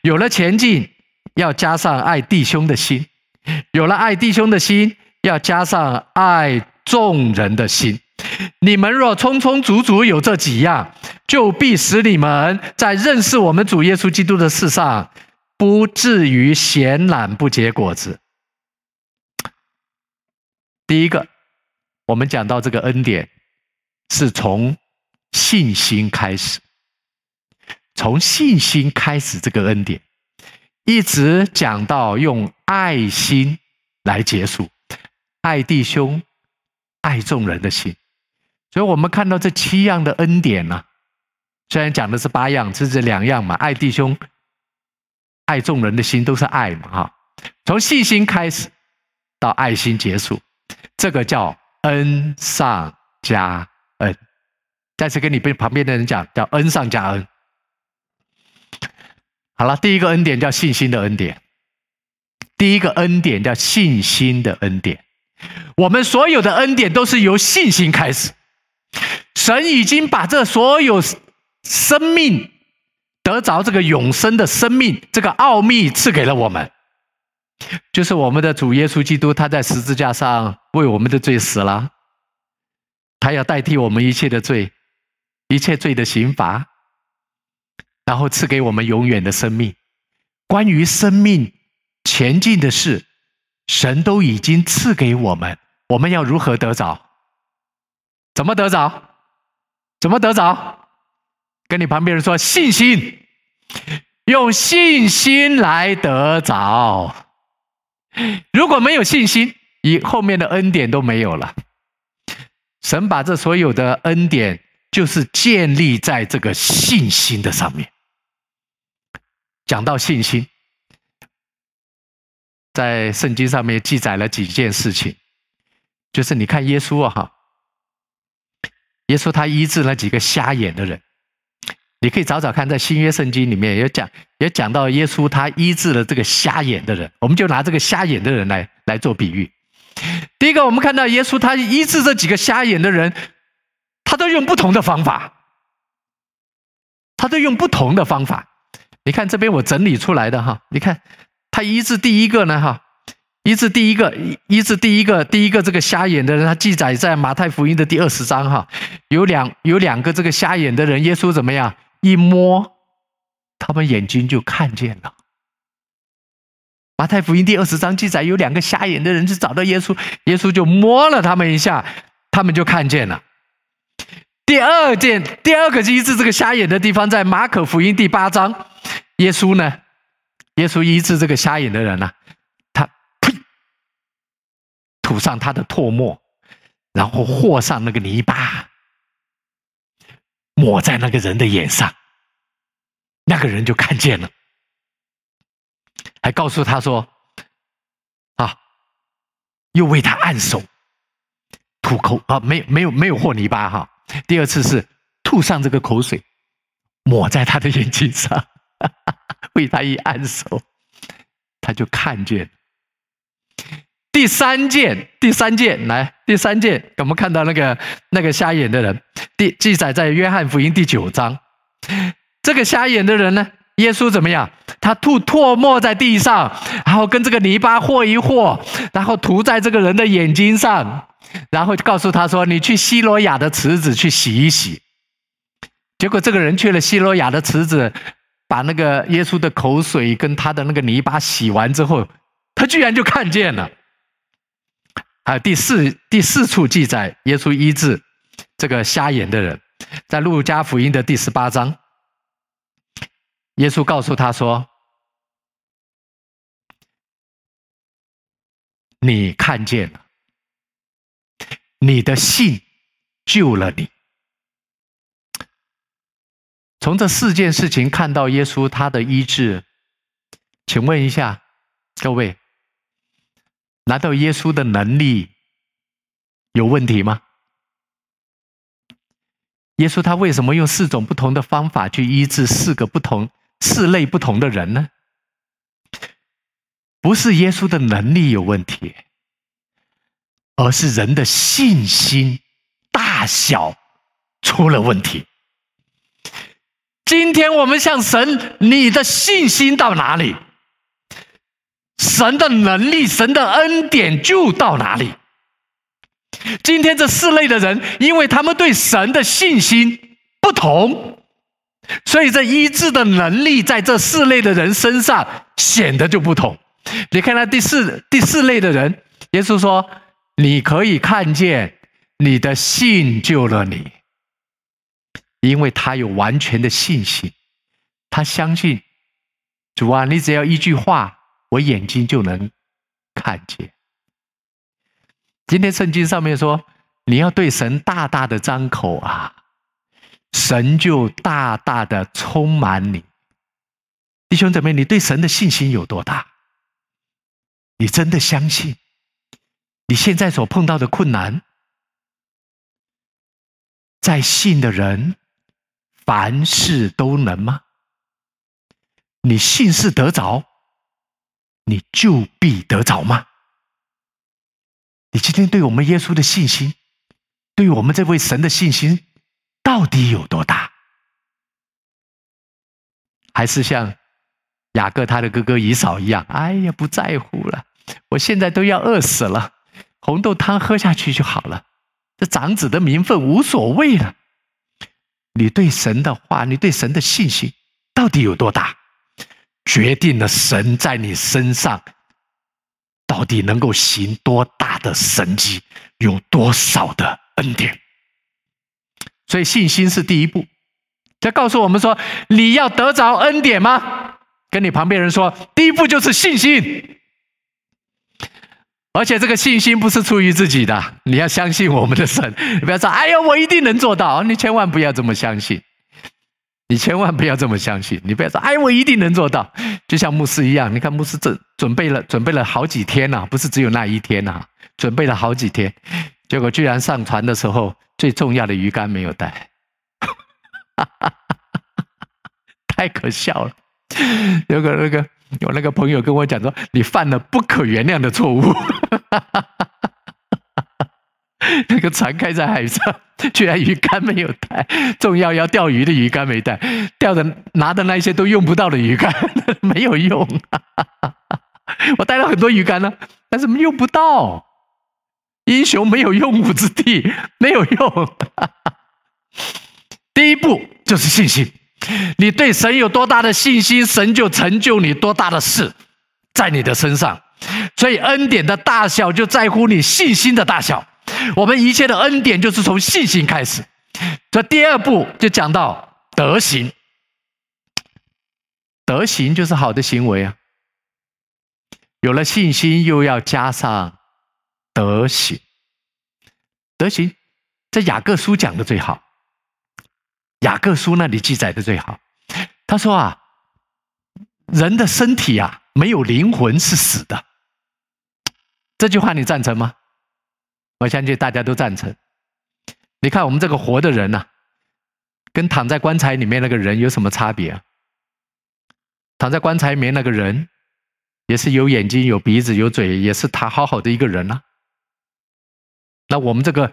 有了虔敬，要加上愛弟兄的心；有了愛弟兄的心。要加上愛眾人的心。你們若充充足足有這幾樣，就必使你們在認識我們主耶穌基督的事上，不至於閒懶不結果子。第一個，我們講到這個恩典，是從信心開始，從信心開始這個恩典，一直講到用愛心來結束。愛弟兄、愛眾人的心，所以我們看到這七樣的恩典呢、啊。雖然講的是八樣，這是這兩樣嘛：愛弟兄、愛眾人的心，都是愛嘛。哈，從信心開始，到愛心結束，這個叫恩上加恩。再次跟你被旁邊的人講，叫恩上加恩。好了，第一個恩典叫信心的恩典，第一個恩典叫信心的恩典。我們所有的恩典都是由信心開始。神已經把這所有生命得着這個永生的生命這個奧秘賜給了我們，就是我們的主耶穌基督，他在十字架上為我們的罪死了，他要代替我們一切的罪，一切罪的刑罰，然後賜給我們永遠的生命。關於生命前進的事。神都已經賜給我們，我們要如何得着？怎麼得着？怎麼得着？跟你旁邊人說信心，用信心來得着。如果沒有信心，你後面的恩典都沒有了。神把這所有的恩典，就是建立在這個信心的上面。講到信心。在聖經上面記載了幾件事情，就是你看耶穌啊，哈，耶穌他醫治了幾個瞎眼的人，你可以找找看，在新約聖經裡面也講也講到耶穌他醫治了這個瞎眼的人，我們就拿這個瞎眼的人來來做比喻。第一個，我們看到耶穌他醫治這幾個瞎眼的人，他都用不同的方法，他都用不同的方法。你看這邊我整理出來的哈，你看。他醫治第一個呢，哈，醫治第一個，醫治第一個，第一個這個瞎眼的人，他記載在馬太福音的第二十章，哈，有兩有兩個這個瞎眼的人，耶穌怎麼樣，一摸，他們眼睛就看見了。馬太福音第二十章記載，有兩個瞎眼的人去找到耶穌，耶穌就摸了他們一下，他們就看見了。第二件，第二個醫治這個瞎眼的地方，在馬可福音第八章，耶穌呢？耶穌醫治這個瞎眼的人呢、啊，他呸，吐上他的唾沫，然後和上那個泥巴，抹在那個人的眼上，那個人就看見了，還告訴他說：“啊，又為他按手，吐口啊，沒沒有沒有和泥巴哈。啊”第二次是吐上這個口水，抹在他的眼睛上。為他一按手，他就看見。第三件，第三件，來，第三件，我們看到那個那個瞎眼的人，第記載在約翰福音第九章。這個瞎眼的人呢，耶穌怎麼樣？他吐唾沫在地上，然後跟這個泥巴和一和，然後塗在這個人的眼睛上，然後告訴他說：“你去西羅亞的池子去洗一洗。”結果這個人去了西羅亞的池子，把那個耶穌的口水跟他的那個泥巴洗完之後，他居然就看見了。還有第四、第四處記載耶穌醫治這個瞎眼的人，在路加福音的第十八章，耶穌告訴他說：“你看見了，你的信救了你。”從這四件事情看到耶穌他的醫治，請問一下，各位，難道耶穌的能力有問題嗎？耶穌他為什麼用四種不同的方法去醫治四個不同，四類不同的人呢？不是耶穌的能力有問題，而是人的信心大小出了問題。今天我們向神，你的信心到哪裡，神的能力、神的恩典就到哪裡。今天這四類的人，因為他們對神的信心不同，所以這醫治的能力在這四類的人身上顯得就不同。你看那第四第四類的人，耶穌說：“你可以看見，你的信救了你。”因為他有完全的信心，他相信主啊，你只要一句話，我眼睛就能看見。今天聖經上面說，你要對神大大的張口啊，神就大大的充滿你。弟兄姊妹，你對神的信心有多大？你真的相信你現在所碰到的困難？在信的人。凡事都能嗎？你信是得着，你就必得着嗎？你今天對我們耶穌的信心，對我們這位神的信心，到底有多大？還是像雅各他的哥哥以掃一樣，哎呀，不在乎了，我現在都要餓死了，紅豆湯喝下去就好了，這長子的名分無所謂了。你對神的話，你對神的信心到底有多大？決定了神在你身上到底能夠行多大的神蹟，有多少的恩典。所以信心是第一步。這告訴我們說，你要得着恩典嗎？跟你旁邊人說，第一步就是信心。而且這個信心不是出於自己的，你要相信我們的神。你不要說“哎呀，我一定能做到”，你千萬不要這麼相信。你千萬不要這麼相信。你不要說“哎，我一定能做到”。就像牧師一樣，你看牧師準準備了準備了好幾天吶，不是只有那一天吶，準備了好幾天，結果居然上船的時候最重要的魚竿沒有帶， [LAUGHS] 太可笑了。有個那個。我那個朋友跟我講說：“你犯了不可原諒的錯誤， [LAUGHS] 那個船開在海上，居然魚竿沒有帶，重要要釣魚的魚竿沒帶，釣的拿的那些都用不到的魚竿沒有用。 [LAUGHS] 我帶了很多魚竿呢、啊，但是用不到，英雄沒有用武之地，沒有用。 [LAUGHS] 第一步就是信心。”你對神有多大的信心，神就成就你多大的事在你的身上。所以恩典的大小就在乎你信心的大小。我們一切的恩典就是從信心開始。這第二步就講到德行，德行就是好的行為啊。有了信心，又要加上德行。德行，這雅各書講的最好。雅各書那裡記載的最好，他說啊，人的身體啊，沒有靈魂是死的。這句話你贊成嗎？我相信大家都贊成。你看我們這個活的人呐、啊，跟躺在棺材裡面那個人有什麼差別、啊？躺在棺材裡面那個人，也是有眼睛、有鼻子、有嘴，也是他好好的一個人呐、啊。那我們這個，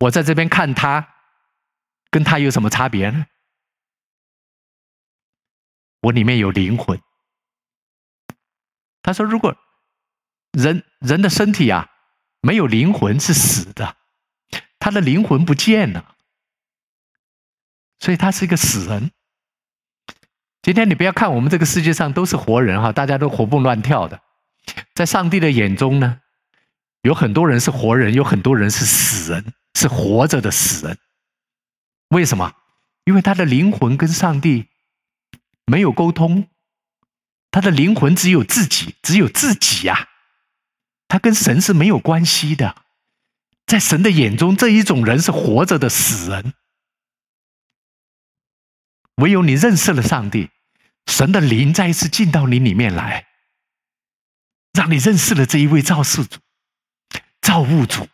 我在這邊看他。跟他有什麼差別呢？我裡面有靈魂。他說：“如果人人的身體啊，沒有靈魂是死的，他的靈魂不見了，所以他是一個死人。今天你不要看我們這個世界上都是活人哈，大家都活蹦亂跳的，在上帝的眼中呢，有很多人是活人，有很多人是死人，是活着的死人。”為什麼？因為他的靈魂跟上帝沒有溝通，他的靈魂只有自己，只有自己呀、啊，他跟神是沒有關係的。在神的眼中，這一種人是活着的死人。唯有你認識了上帝，神的靈再一次進到你裡面來，讓你認識了這一位造世主、造物主，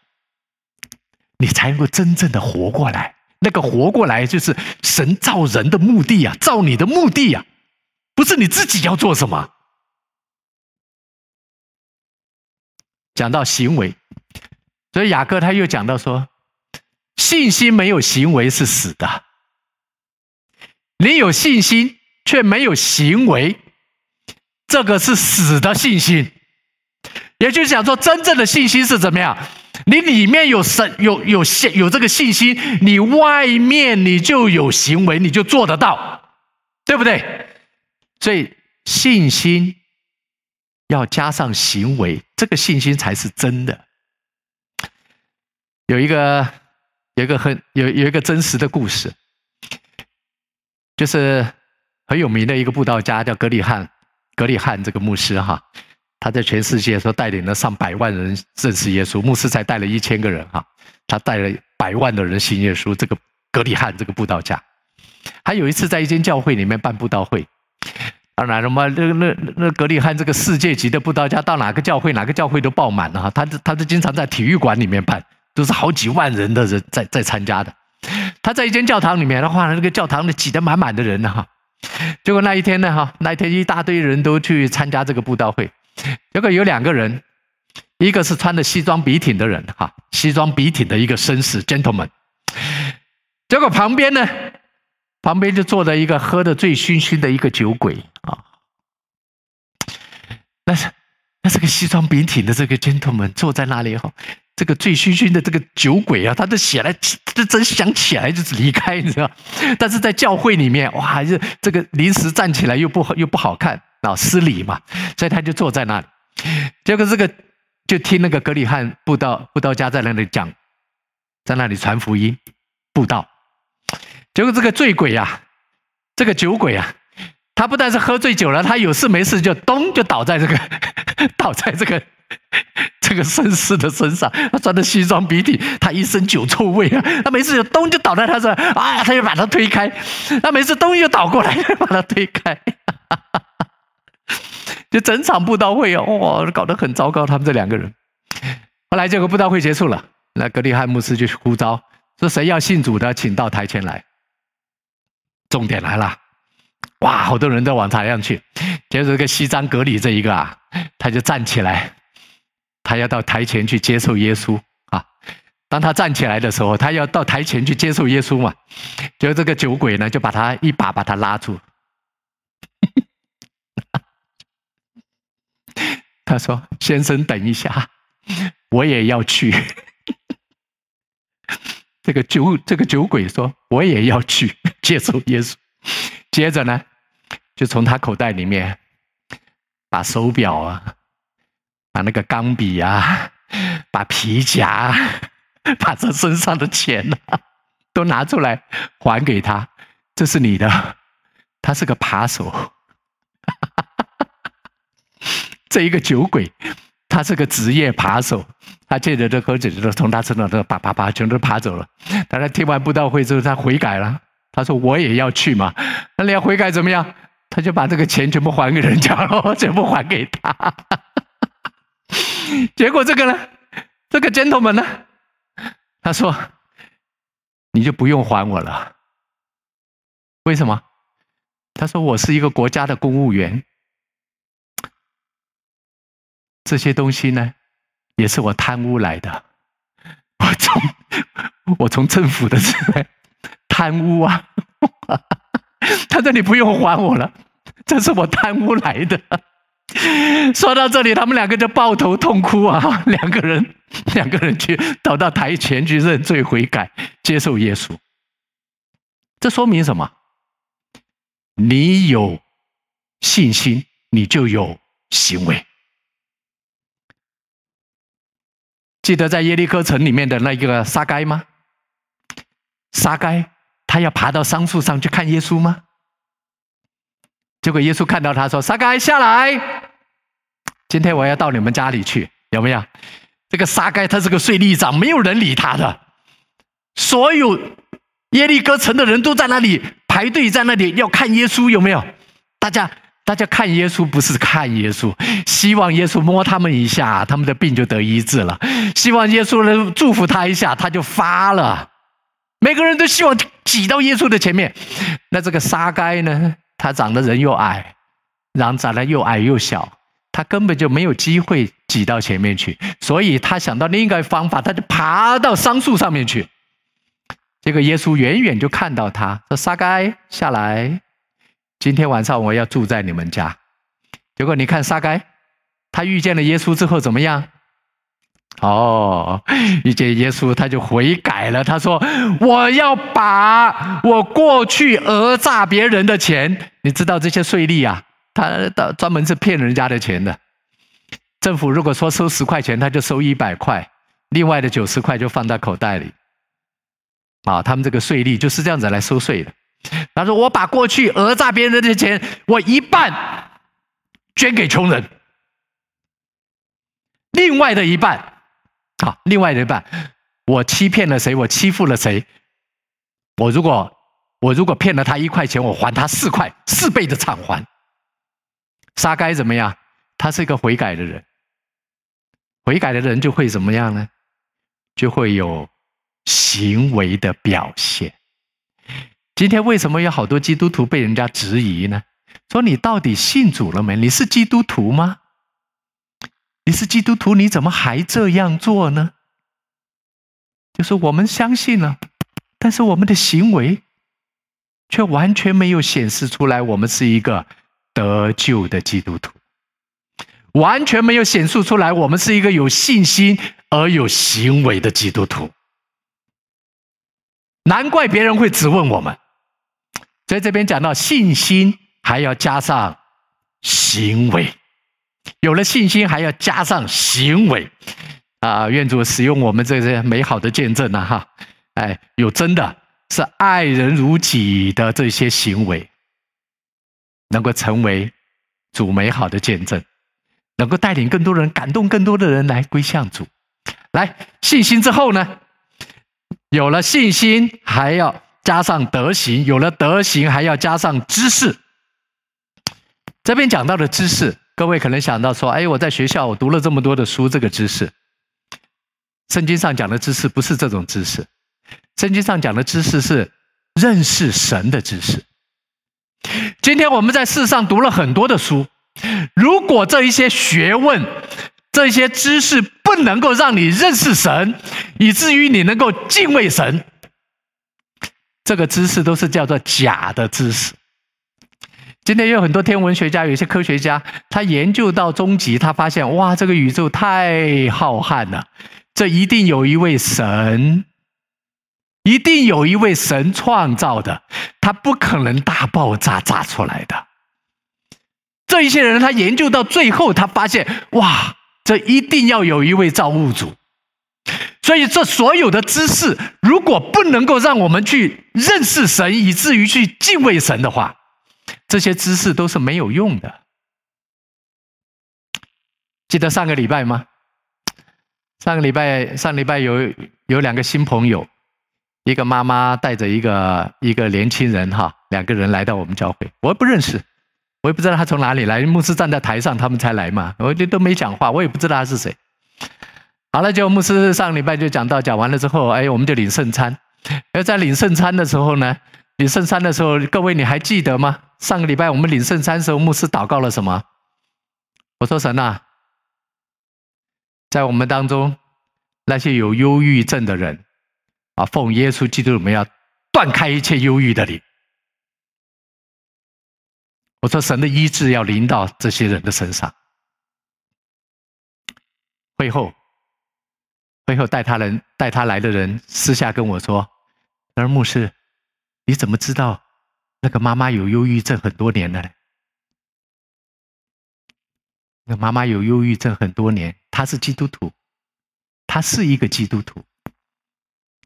你才能夠真正的活過來。那個活過來就是神造人的目的呀，造你的目的呀，不是你自己要做什麼。講到行為，所以雅各他又講到說，信心沒有行為是死的。你有信心卻沒有行為，這個是死的信心。也就是講說，真正的信心是怎麼樣？你裡面有神，有有信，有這個信心，你外面你就有行為，你就做得到，對不對？所以信心要加上行為，這個信心才是真的。有一個有一個很有有一個真實的故事，就是很有名的一個布道家叫葛理翰，葛理翰這個牧師哈。他在全世界說帶領了上百萬人認識耶穌，牧師才帶了一千個人哈，他帶了百萬的人信耶穌。這個格里漢這個布道家，還有一次在一間教會裡面辦布道會，當然了嘛，那那那格里漢這個世界級的布道家，到哪個教會哪個教會都爆滿了哈，他他都經常在體育館裡面辦，都是好幾萬人的人在在參加的。他在一間教堂裡面的話呢，那個教堂裡擠得滿滿的人哈，結果那一天呢哈，那一天一大堆人都去參加這個布道會。結果有兩個人，一個是穿着西裝筆挺的人，哈，西裝筆挺的一個紳士 gentleman。結果旁邊呢，旁邊就坐着一個喝的醉醺醺的一個酒鬼啊。但是，那這個西裝筆挺的這個 gentleman 坐在那裡哈，這個醉醺醺的這個酒鬼啊，他這起來，這真想起來就是離開，你知道？但是在教會裡面，哇，這這個臨時站起來又不好又不好看。老失禮嘛，所以他就坐在那裡。結果這個就聽那個葛理翰布道，布道家在那裡講，在那裡傳福音，布道。結果這個醉鬼啊，這個酒鬼啊，他不但是喝醉酒了，他有事沒事就咚就倒在這個，倒在這個這個紳士的身上。他穿的西裝，筆挺，他一身酒臭味啊。他沒事就咚就倒在，他說啊，他就把他推開。他沒事咚又倒過來，把他推開。就整場布道會哦，哇，搞得很糟糕。他們這兩個人，後來這個布道會結束了，那葛理翰牧師就呼召說：“誰要信主的，請到台前來。”重點來了，哇，好多人都往台上去。結果這個西裝革履這一個啊，他就站起來，他要到台前去接受耶穌啊。當他站起來的時候，他要到台前去接受耶穌嘛，就這個酒鬼呢，就把他一把把他拉住。他說：“先生，等一下，我也要去。 [LAUGHS] ”這個酒這個酒鬼說：“我也要去。”接受耶穌。 [LAUGHS] 接着呢，就從他口袋裡面把手錶啊，把那個鋼筆啊，把皮夾啊，把這身上的錢呢啊，都拿出來還給他。這是你的，他是個扒手。 [LAUGHS] 這一個酒鬼，他是個職業扒手，他借着這口酒，從他身上都啪啪啪全都扒走了。但他聽完布道會之後，他悔改了。他說：“我也要去嘛。”那你要悔改怎麼樣？他就把這個錢全部還給人家了，全部還給他。 [LAUGHS] 結果這個呢，這個 gentleman 呢，他說：“你就不用還我了。”為什麼？他說：“我是一個國家的公務員。”這些東西呢，也是我貪污來的。我從我從政府的來貪污啊，他說你不用還我了，這是我貪污來的。說到這裡，他們兩個就抱頭痛哭啊，兩個人兩個人去走到台前去認罪悔改，接受耶穌。這說明什麼？你有信心，你就有行為。記得在耶利哥城裡面的那個撒該嗎？撒該，他要爬到桑樹上去看耶穌嗎？結果耶穌看到他說：“撒該下來，今天我要到你們家裡去。”有沒有？這個撒該他是個稅吏長，沒有人理他的。所有耶利哥城的人都在那裡排隊，在那裡要看耶穌。有沒有？大家。大家看耶穌不是看耶穌，希望耶穌摸他們一下，他們的病就得醫治了；希望耶穌能祝福他一下，他就發了。每個人都希望擠到耶穌的前面。那這個撒該呢，他長得人又矮，然後長得又矮又小，他根本就沒有機會擠到前面去。所以他想到另一個方法，他就爬到桑樹上面去。這個耶穌遠遠就看到他，說：“撒該下來。”今天晚上我要住在你們家，結果你看撒該，他遇見了耶穌之後怎麼樣？哦，遇見耶穌他就悔改了。他說：“我要把我過去訛詐別人的錢，你知道這些稅吏啊，他到專門是騙人家的錢的。政府如果說收十塊錢，他就收一百塊，另外的九十塊就放在口袋裡。啊、哦，他們這個稅吏就是這樣子來收稅的。”他說：“我把過去訛詐別人的錢，我一半捐給窮人，另外的一半，好、啊，另外的一半，我欺騙了誰，我欺負了誰，我如果我如果騙了他一塊錢，我還他四塊，四倍的償還。”撒該怎麼樣？他是一個悔改的人，悔改的人就會怎麼樣呢？就會有行為的表現。今天為什麼有好多基督徒被人家質疑呢？說，你到底信主了沒？你是基督徒嗎？你是基督徒，你怎麼還這樣做呢？就是我們相信了，但是我們的行為卻完全沒有顯示出來，我們是一個得救的基督徒，完全沒有顯示出來，我們是一個有信心而有行為的基督徒。難怪別人會質問我們。所以這邊講到信心，還要加上行為。有了信心，還要加上行為。啊、呃，願主使用我們這些美好的見證啊哈，哎，有真的是愛人如己的這些行為，能夠成為主美好的見證，能夠帶領更多人感動更多的人來歸向主。來，信心之後呢，有了信心還要。加上德行，有了德行，還要加上知識。這邊講到的知識，各位可能想到說：“哎，我在學校我讀了這麼多的書，這個知識。”《聖經》上講的知識不是這種知識，《聖經》上講的知識是認識神的知識。今天我們在世上讀了很多的書，如果這一些學問、這一些知識不能夠讓你認識神，以至於你能夠敬畏神。這個知識都是叫做假的知識。今天有很多天文學家，有一些科學家，他研究到終極，他發現哇，這個宇宙太浩瀚了，這一定有一位神，一定有一位神創造的，他不可能大爆炸炸出來的。這一些人，他研究到最後，他發現哇，這一定要有一位造物主。所以，這所有的知識，如果不能夠讓我們去認識神，以至於去敬畏神的話，這些知識都是沒有用的。記得上個禮拜嗎？上個禮拜，上個禮拜有有兩個新朋友，一個媽媽帶着一個一個年輕人，哈，兩個人來到我們教會。我也不認識，我也不知道他從哪裡來。牧師站在台上，他們才來嘛，我都沒講話，我也不知道他是誰。好了，就牧師上個禮拜就講到，講完了之後，哎，我們就領聖餐。而在領聖餐的時候呢，領聖餐的時候，各位你還記得嗎？上個禮拜我們領聖餐的時候，牧師禱告了什麼？我說：“神吶、啊，在我們當中那些有憂鬱症的人啊，奉耶穌基督，我們要斷開一切憂鬱的靈。我說神的醫治要臨到這些人的身上。”會後。背後帶他人帶他來的人，的人私下跟我說：“爾牧師，你怎麼知道那個媽媽有憂鬱症很多年了呢？那媽媽有憂鬱症很多年，她是基督徒，她是一個基督徒，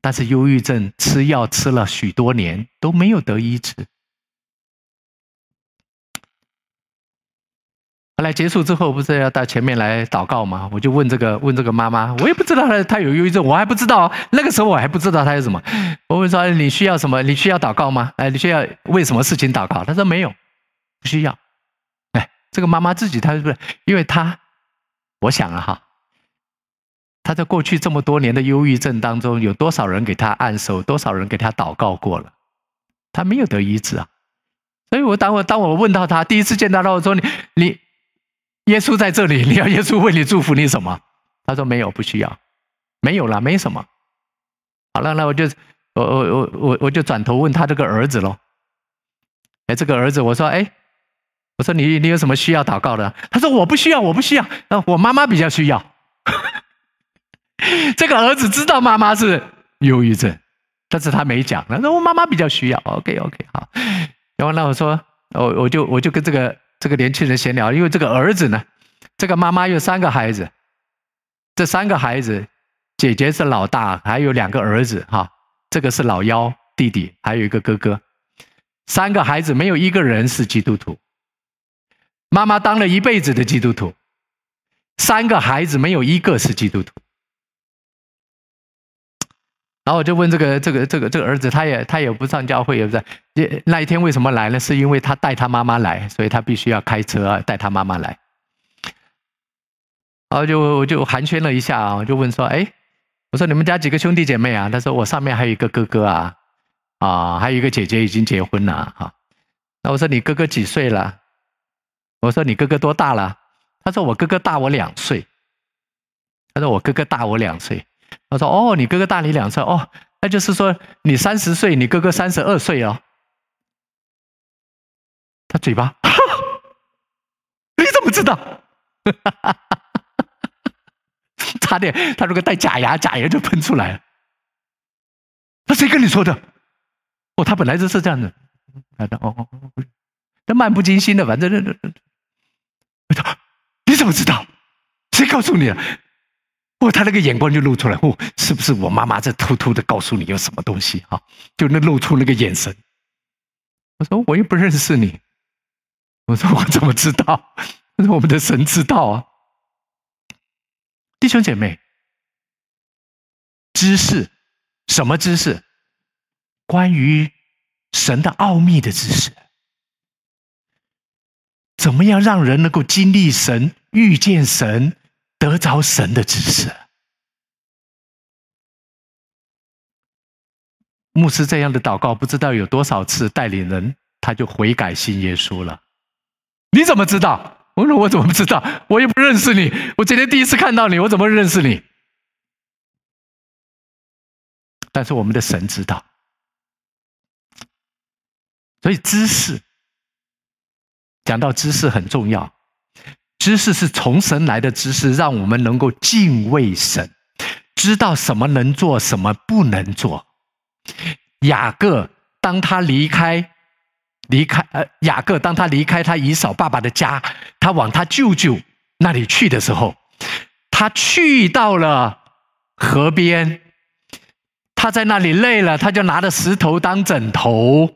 但是憂鬱症吃藥吃了許多年都沒有得醫治。”來結束之後不是要到前面來禱告嗎？我就問這個問這個媽媽，我也不知道她她有憂鬱症，我還不知道、哦，那個時候我還不知道她有什麼。我問說、哎、你需要什麼？你需要禱告嗎？哎，你需要為什麼事情禱告？她說沒有，不需要。哎，這個媽媽自己她是不是，因為她，我想哈、啊，她在過去這麼多年的憂鬱症當中，有多少人給她按手，多少人給她禱告過了？她沒有得醫治啊。所以我當我當我問到她第一次見到她，我說你你。你耶穌在這裡，你要耶穌為你祝福你什麼？他說沒有，不需要，沒有啦，沒什麼。好了，那我就我我我我我就轉頭問他這個兒子嘍。哎，這個兒子，我說哎，我說你你有什麼需要禱告的？他說我不需要，我不需要。那我媽媽比較需要。 [LAUGHS] 這個兒子知道媽媽是憂鬱症，但是他沒講。他說我媽媽比較需要。OK OK，好。然後那我說我我就我就跟這個。這個年輕人閒聊，因為這個兒子呢，這個媽媽有三個孩子，這三個孩子，姐姐是老大，還有兩個兒子哈，這個是老幺，弟弟，還有一個哥哥，三個孩子沒有一個人是基督徒，媽媽當了一輩子的基督徒，三個孩子沒有一個是基督徒。然後我就問這個這個這個這個兒子，他也他也不上教會，也不是。那那一天為什麼來呢？是因為他帶他媽媽來，所以他必須要開車帶他媽媽來。然後就就寒暄了一下啊，我就問說：“哎，我說你們家幾個兄弟姐妹啊？”他說：“我上面還有一個哥哥啊，啊，還有一個姐姐已經結婚了啊。”那我說：“你哥哥幾歲了？”我說：“你哥哥多大了？”他說：“我哥哥大我兩歲。”他說：“我哥哥大我兩歲。”他說哦，你哥哥大你兩歲哦，那就是說你三十歲，你哥哥三十二歲哦。他嘴巴，你怎麼知道？ [LAUGHS] 差點，他如果戴假牙，假牙就噴出來了。他誰跟你說的？哦，他本來就是這樣的。他、哦哦、漫不經心的，反正那那你怎麼知道？誰告訴你啊？哦，他那個眼光就露出來。哦，是不是我媽媽在偷偷的告訴你有什麼東西啊，就那露出那個眼神。我說我又不認識你，我說我怎麼知道？我說我們的神知道啊。弟兄姐妹，知識什麼知識？關於神的奧秘的知識。怎麼樣讓人能夠經歷神、遇見神？得着神的知識。牧師這樣的禱告，不知道有多少次帶領人，代理人他就悔改信耶穌了。你怎麼知道？我說我怎麼不知道？我又不認識你，我今天第一次看到你，我怎麼認識你？但是我們的神知道，所以知識講到知識很重要。知識是從神來的知識，讓我們能夠敬畏神，知道什麼能做，什麼不能做。雅各當他離開，離開呃，雅各當他離開他以掃爸爸的家，他往他舅舅那裡去的時候，他去到了河邊，他在那裡累了，他就拿着石頭當枕頭，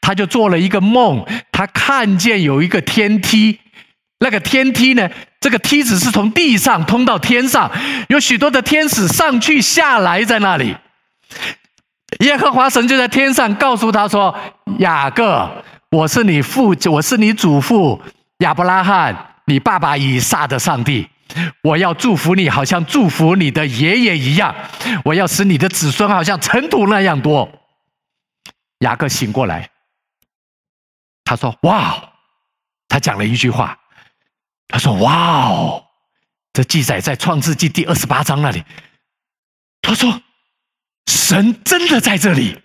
他就做了一個夢，他看見有一個天梯。那個天梯呢？這個梯子是從地上通到天上，有許多的天使上去下來，在那裡。耶和華神就在天上告訴他說：“雅各，我是你父，我是你祖父亞伯拉罕，你爸爸以撒的上帝。我要祝福你，好像祝福你的爺爺一樣。我要使你的子孫好像塵土那樣多。”雅各醒過來，他說：“哇！”他講了一句話。他說：“哇哦，這記載在創世記第二十八章那裡。”他說：“神真的在這裡，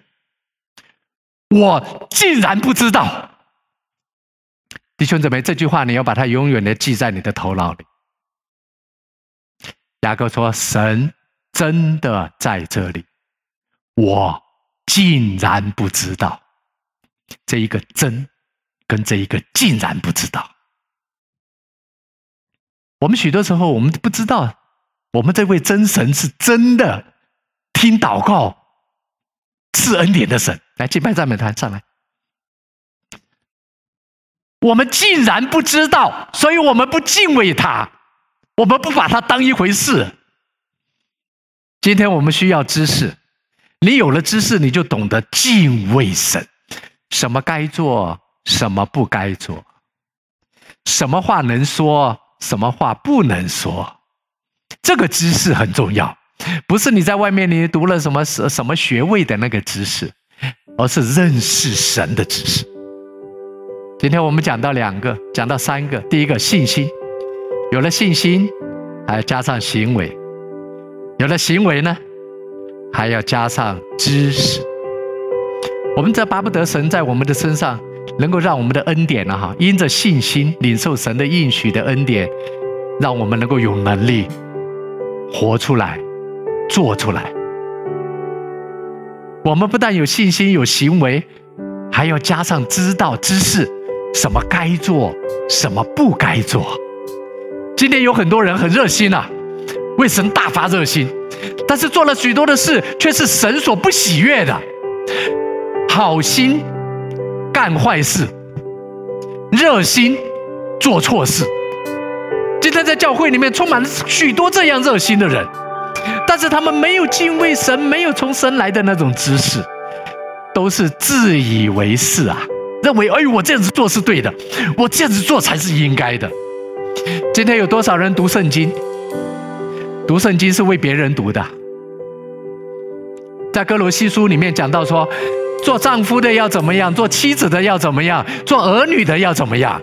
我竟然不知道。”弟兄姊妹，這句話你要把它永遠的記在你的頭腦裡。雅各說：“神真的在這裡，我竟然不知道。”這一個“真”跟這一個“竟然不知道”。我們許多時候，我們都不知道，我們這位真神是真的聽禱告、賜恩典的神。來，敬拜讚美團上來。我們竟然不知道，所以我們不敬畏他，我們不把他當一回事。今天我們需要知識，你有了知識，你就懂得敬畏神，什麼該做，什麼不該做，什麼話能說，什麼話不能說？這個知識很重要，不是你在外面你讀了什麼什什麼學位的那個知識，而是認識神的知識。今天我們講到兩個，講到三個。第一個信心，有了信心，還要加上行為；有了行為呢，還要加上知識。我們這巴不得神在我們的身上。能夠讓我們的恩典呢，哈，因着信心領受神的應許的恩典，讓我們能夠有能力活出來、做出來。我們不但有信心、有行為，還要加上知道知識，什麼該做，什麼不該做。今天有很多人很熱心吶、啊，為神大發熱心，但是做了許多的事，卻是神所不喜悅的。好心。幹壞事，熱心做錯事。今天在教會裡面充滿了許多這樣熱心的人，但是他們沒有敬畏神，沒有從神來的那種知識，都是自以為是啊！認為哎，我這樣子做是對的，我這樣子做才是應該的。今天有多少人讀聖經？讀聖經是為別人讀的。在歌羅西書裡面講到說，做丈夫的要怎麼樣？做妻子的要怎麼樣？做兒女的要怎麼樣？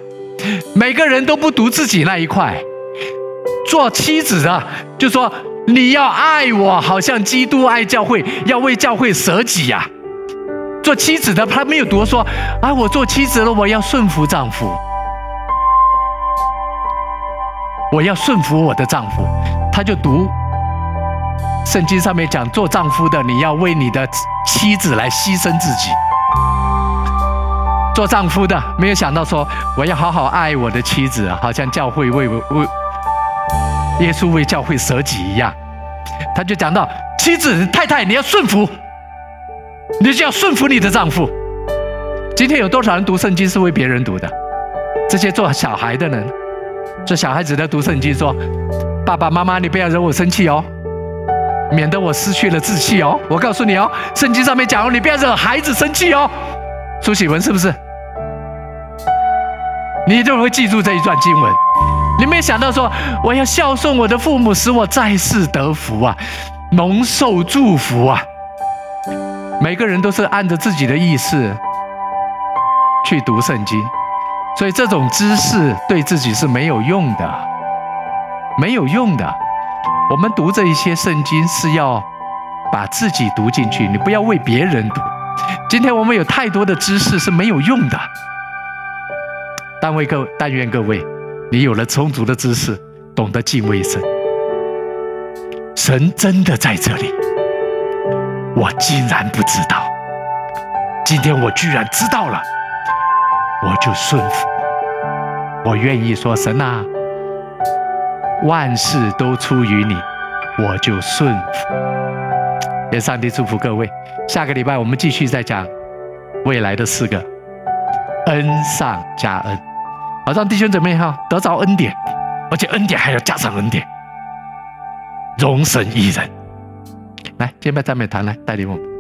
每個人都不讀自己那一塊。做妻子的就說：“你要愛我，好像基督愛教會，要為教會捨己呀、啊。”做妻子的他沒有讀說：“啊、哎，我做妻子了，我要順服丈夫，我要順服我的丈夫。”他就讀。聖經上面講，做丈夫的你要為你的妻子來犧牲自己。做丈夫的沒有想到說，我要好好愛我的妻子，好像教會為為耶穌為教會舍己一樣。他就講到，妻子太太你要順服，你就要順服你的丈夫。今天有多少人讀聖經是為別人讀的？這些做小孩的人，做小孩子在讀聖經說：“爸爸媽媽，你不要惹我生氣哦。”免得我失去了志氣哦！我告訴你哦，聖經上面講了，你不要惹孩子生氣哦。朱喜文是不是？你就會記住這一段經文。你沒有想到說，我要孝順我的父母，使我在世得福啊，蒙受祝福啊。每個人都是按着自己的意思去讀聖經，所以這種知識對自己是沒有用的，沒有用的。我們讀這一些聖經是要把自己讀進去，你不要為別人讀。今天我們有太多的知識是沒有用的。但為各但願各位，你有了充足的知識，懂得敬畏神。神真的在這裡，我竟然不知道。今天我居然知道了，我就順服。我願意說神啊。萬事都出於你，我就順服。願上帝祝福各位。下個禮拜我們繼續再講未來的四個恩上加恩。好，讓弟兄姊妹哈得着恩典，而且恩典還要加上恩典，榮神益人。來，敬拜讚美團來帶領我們。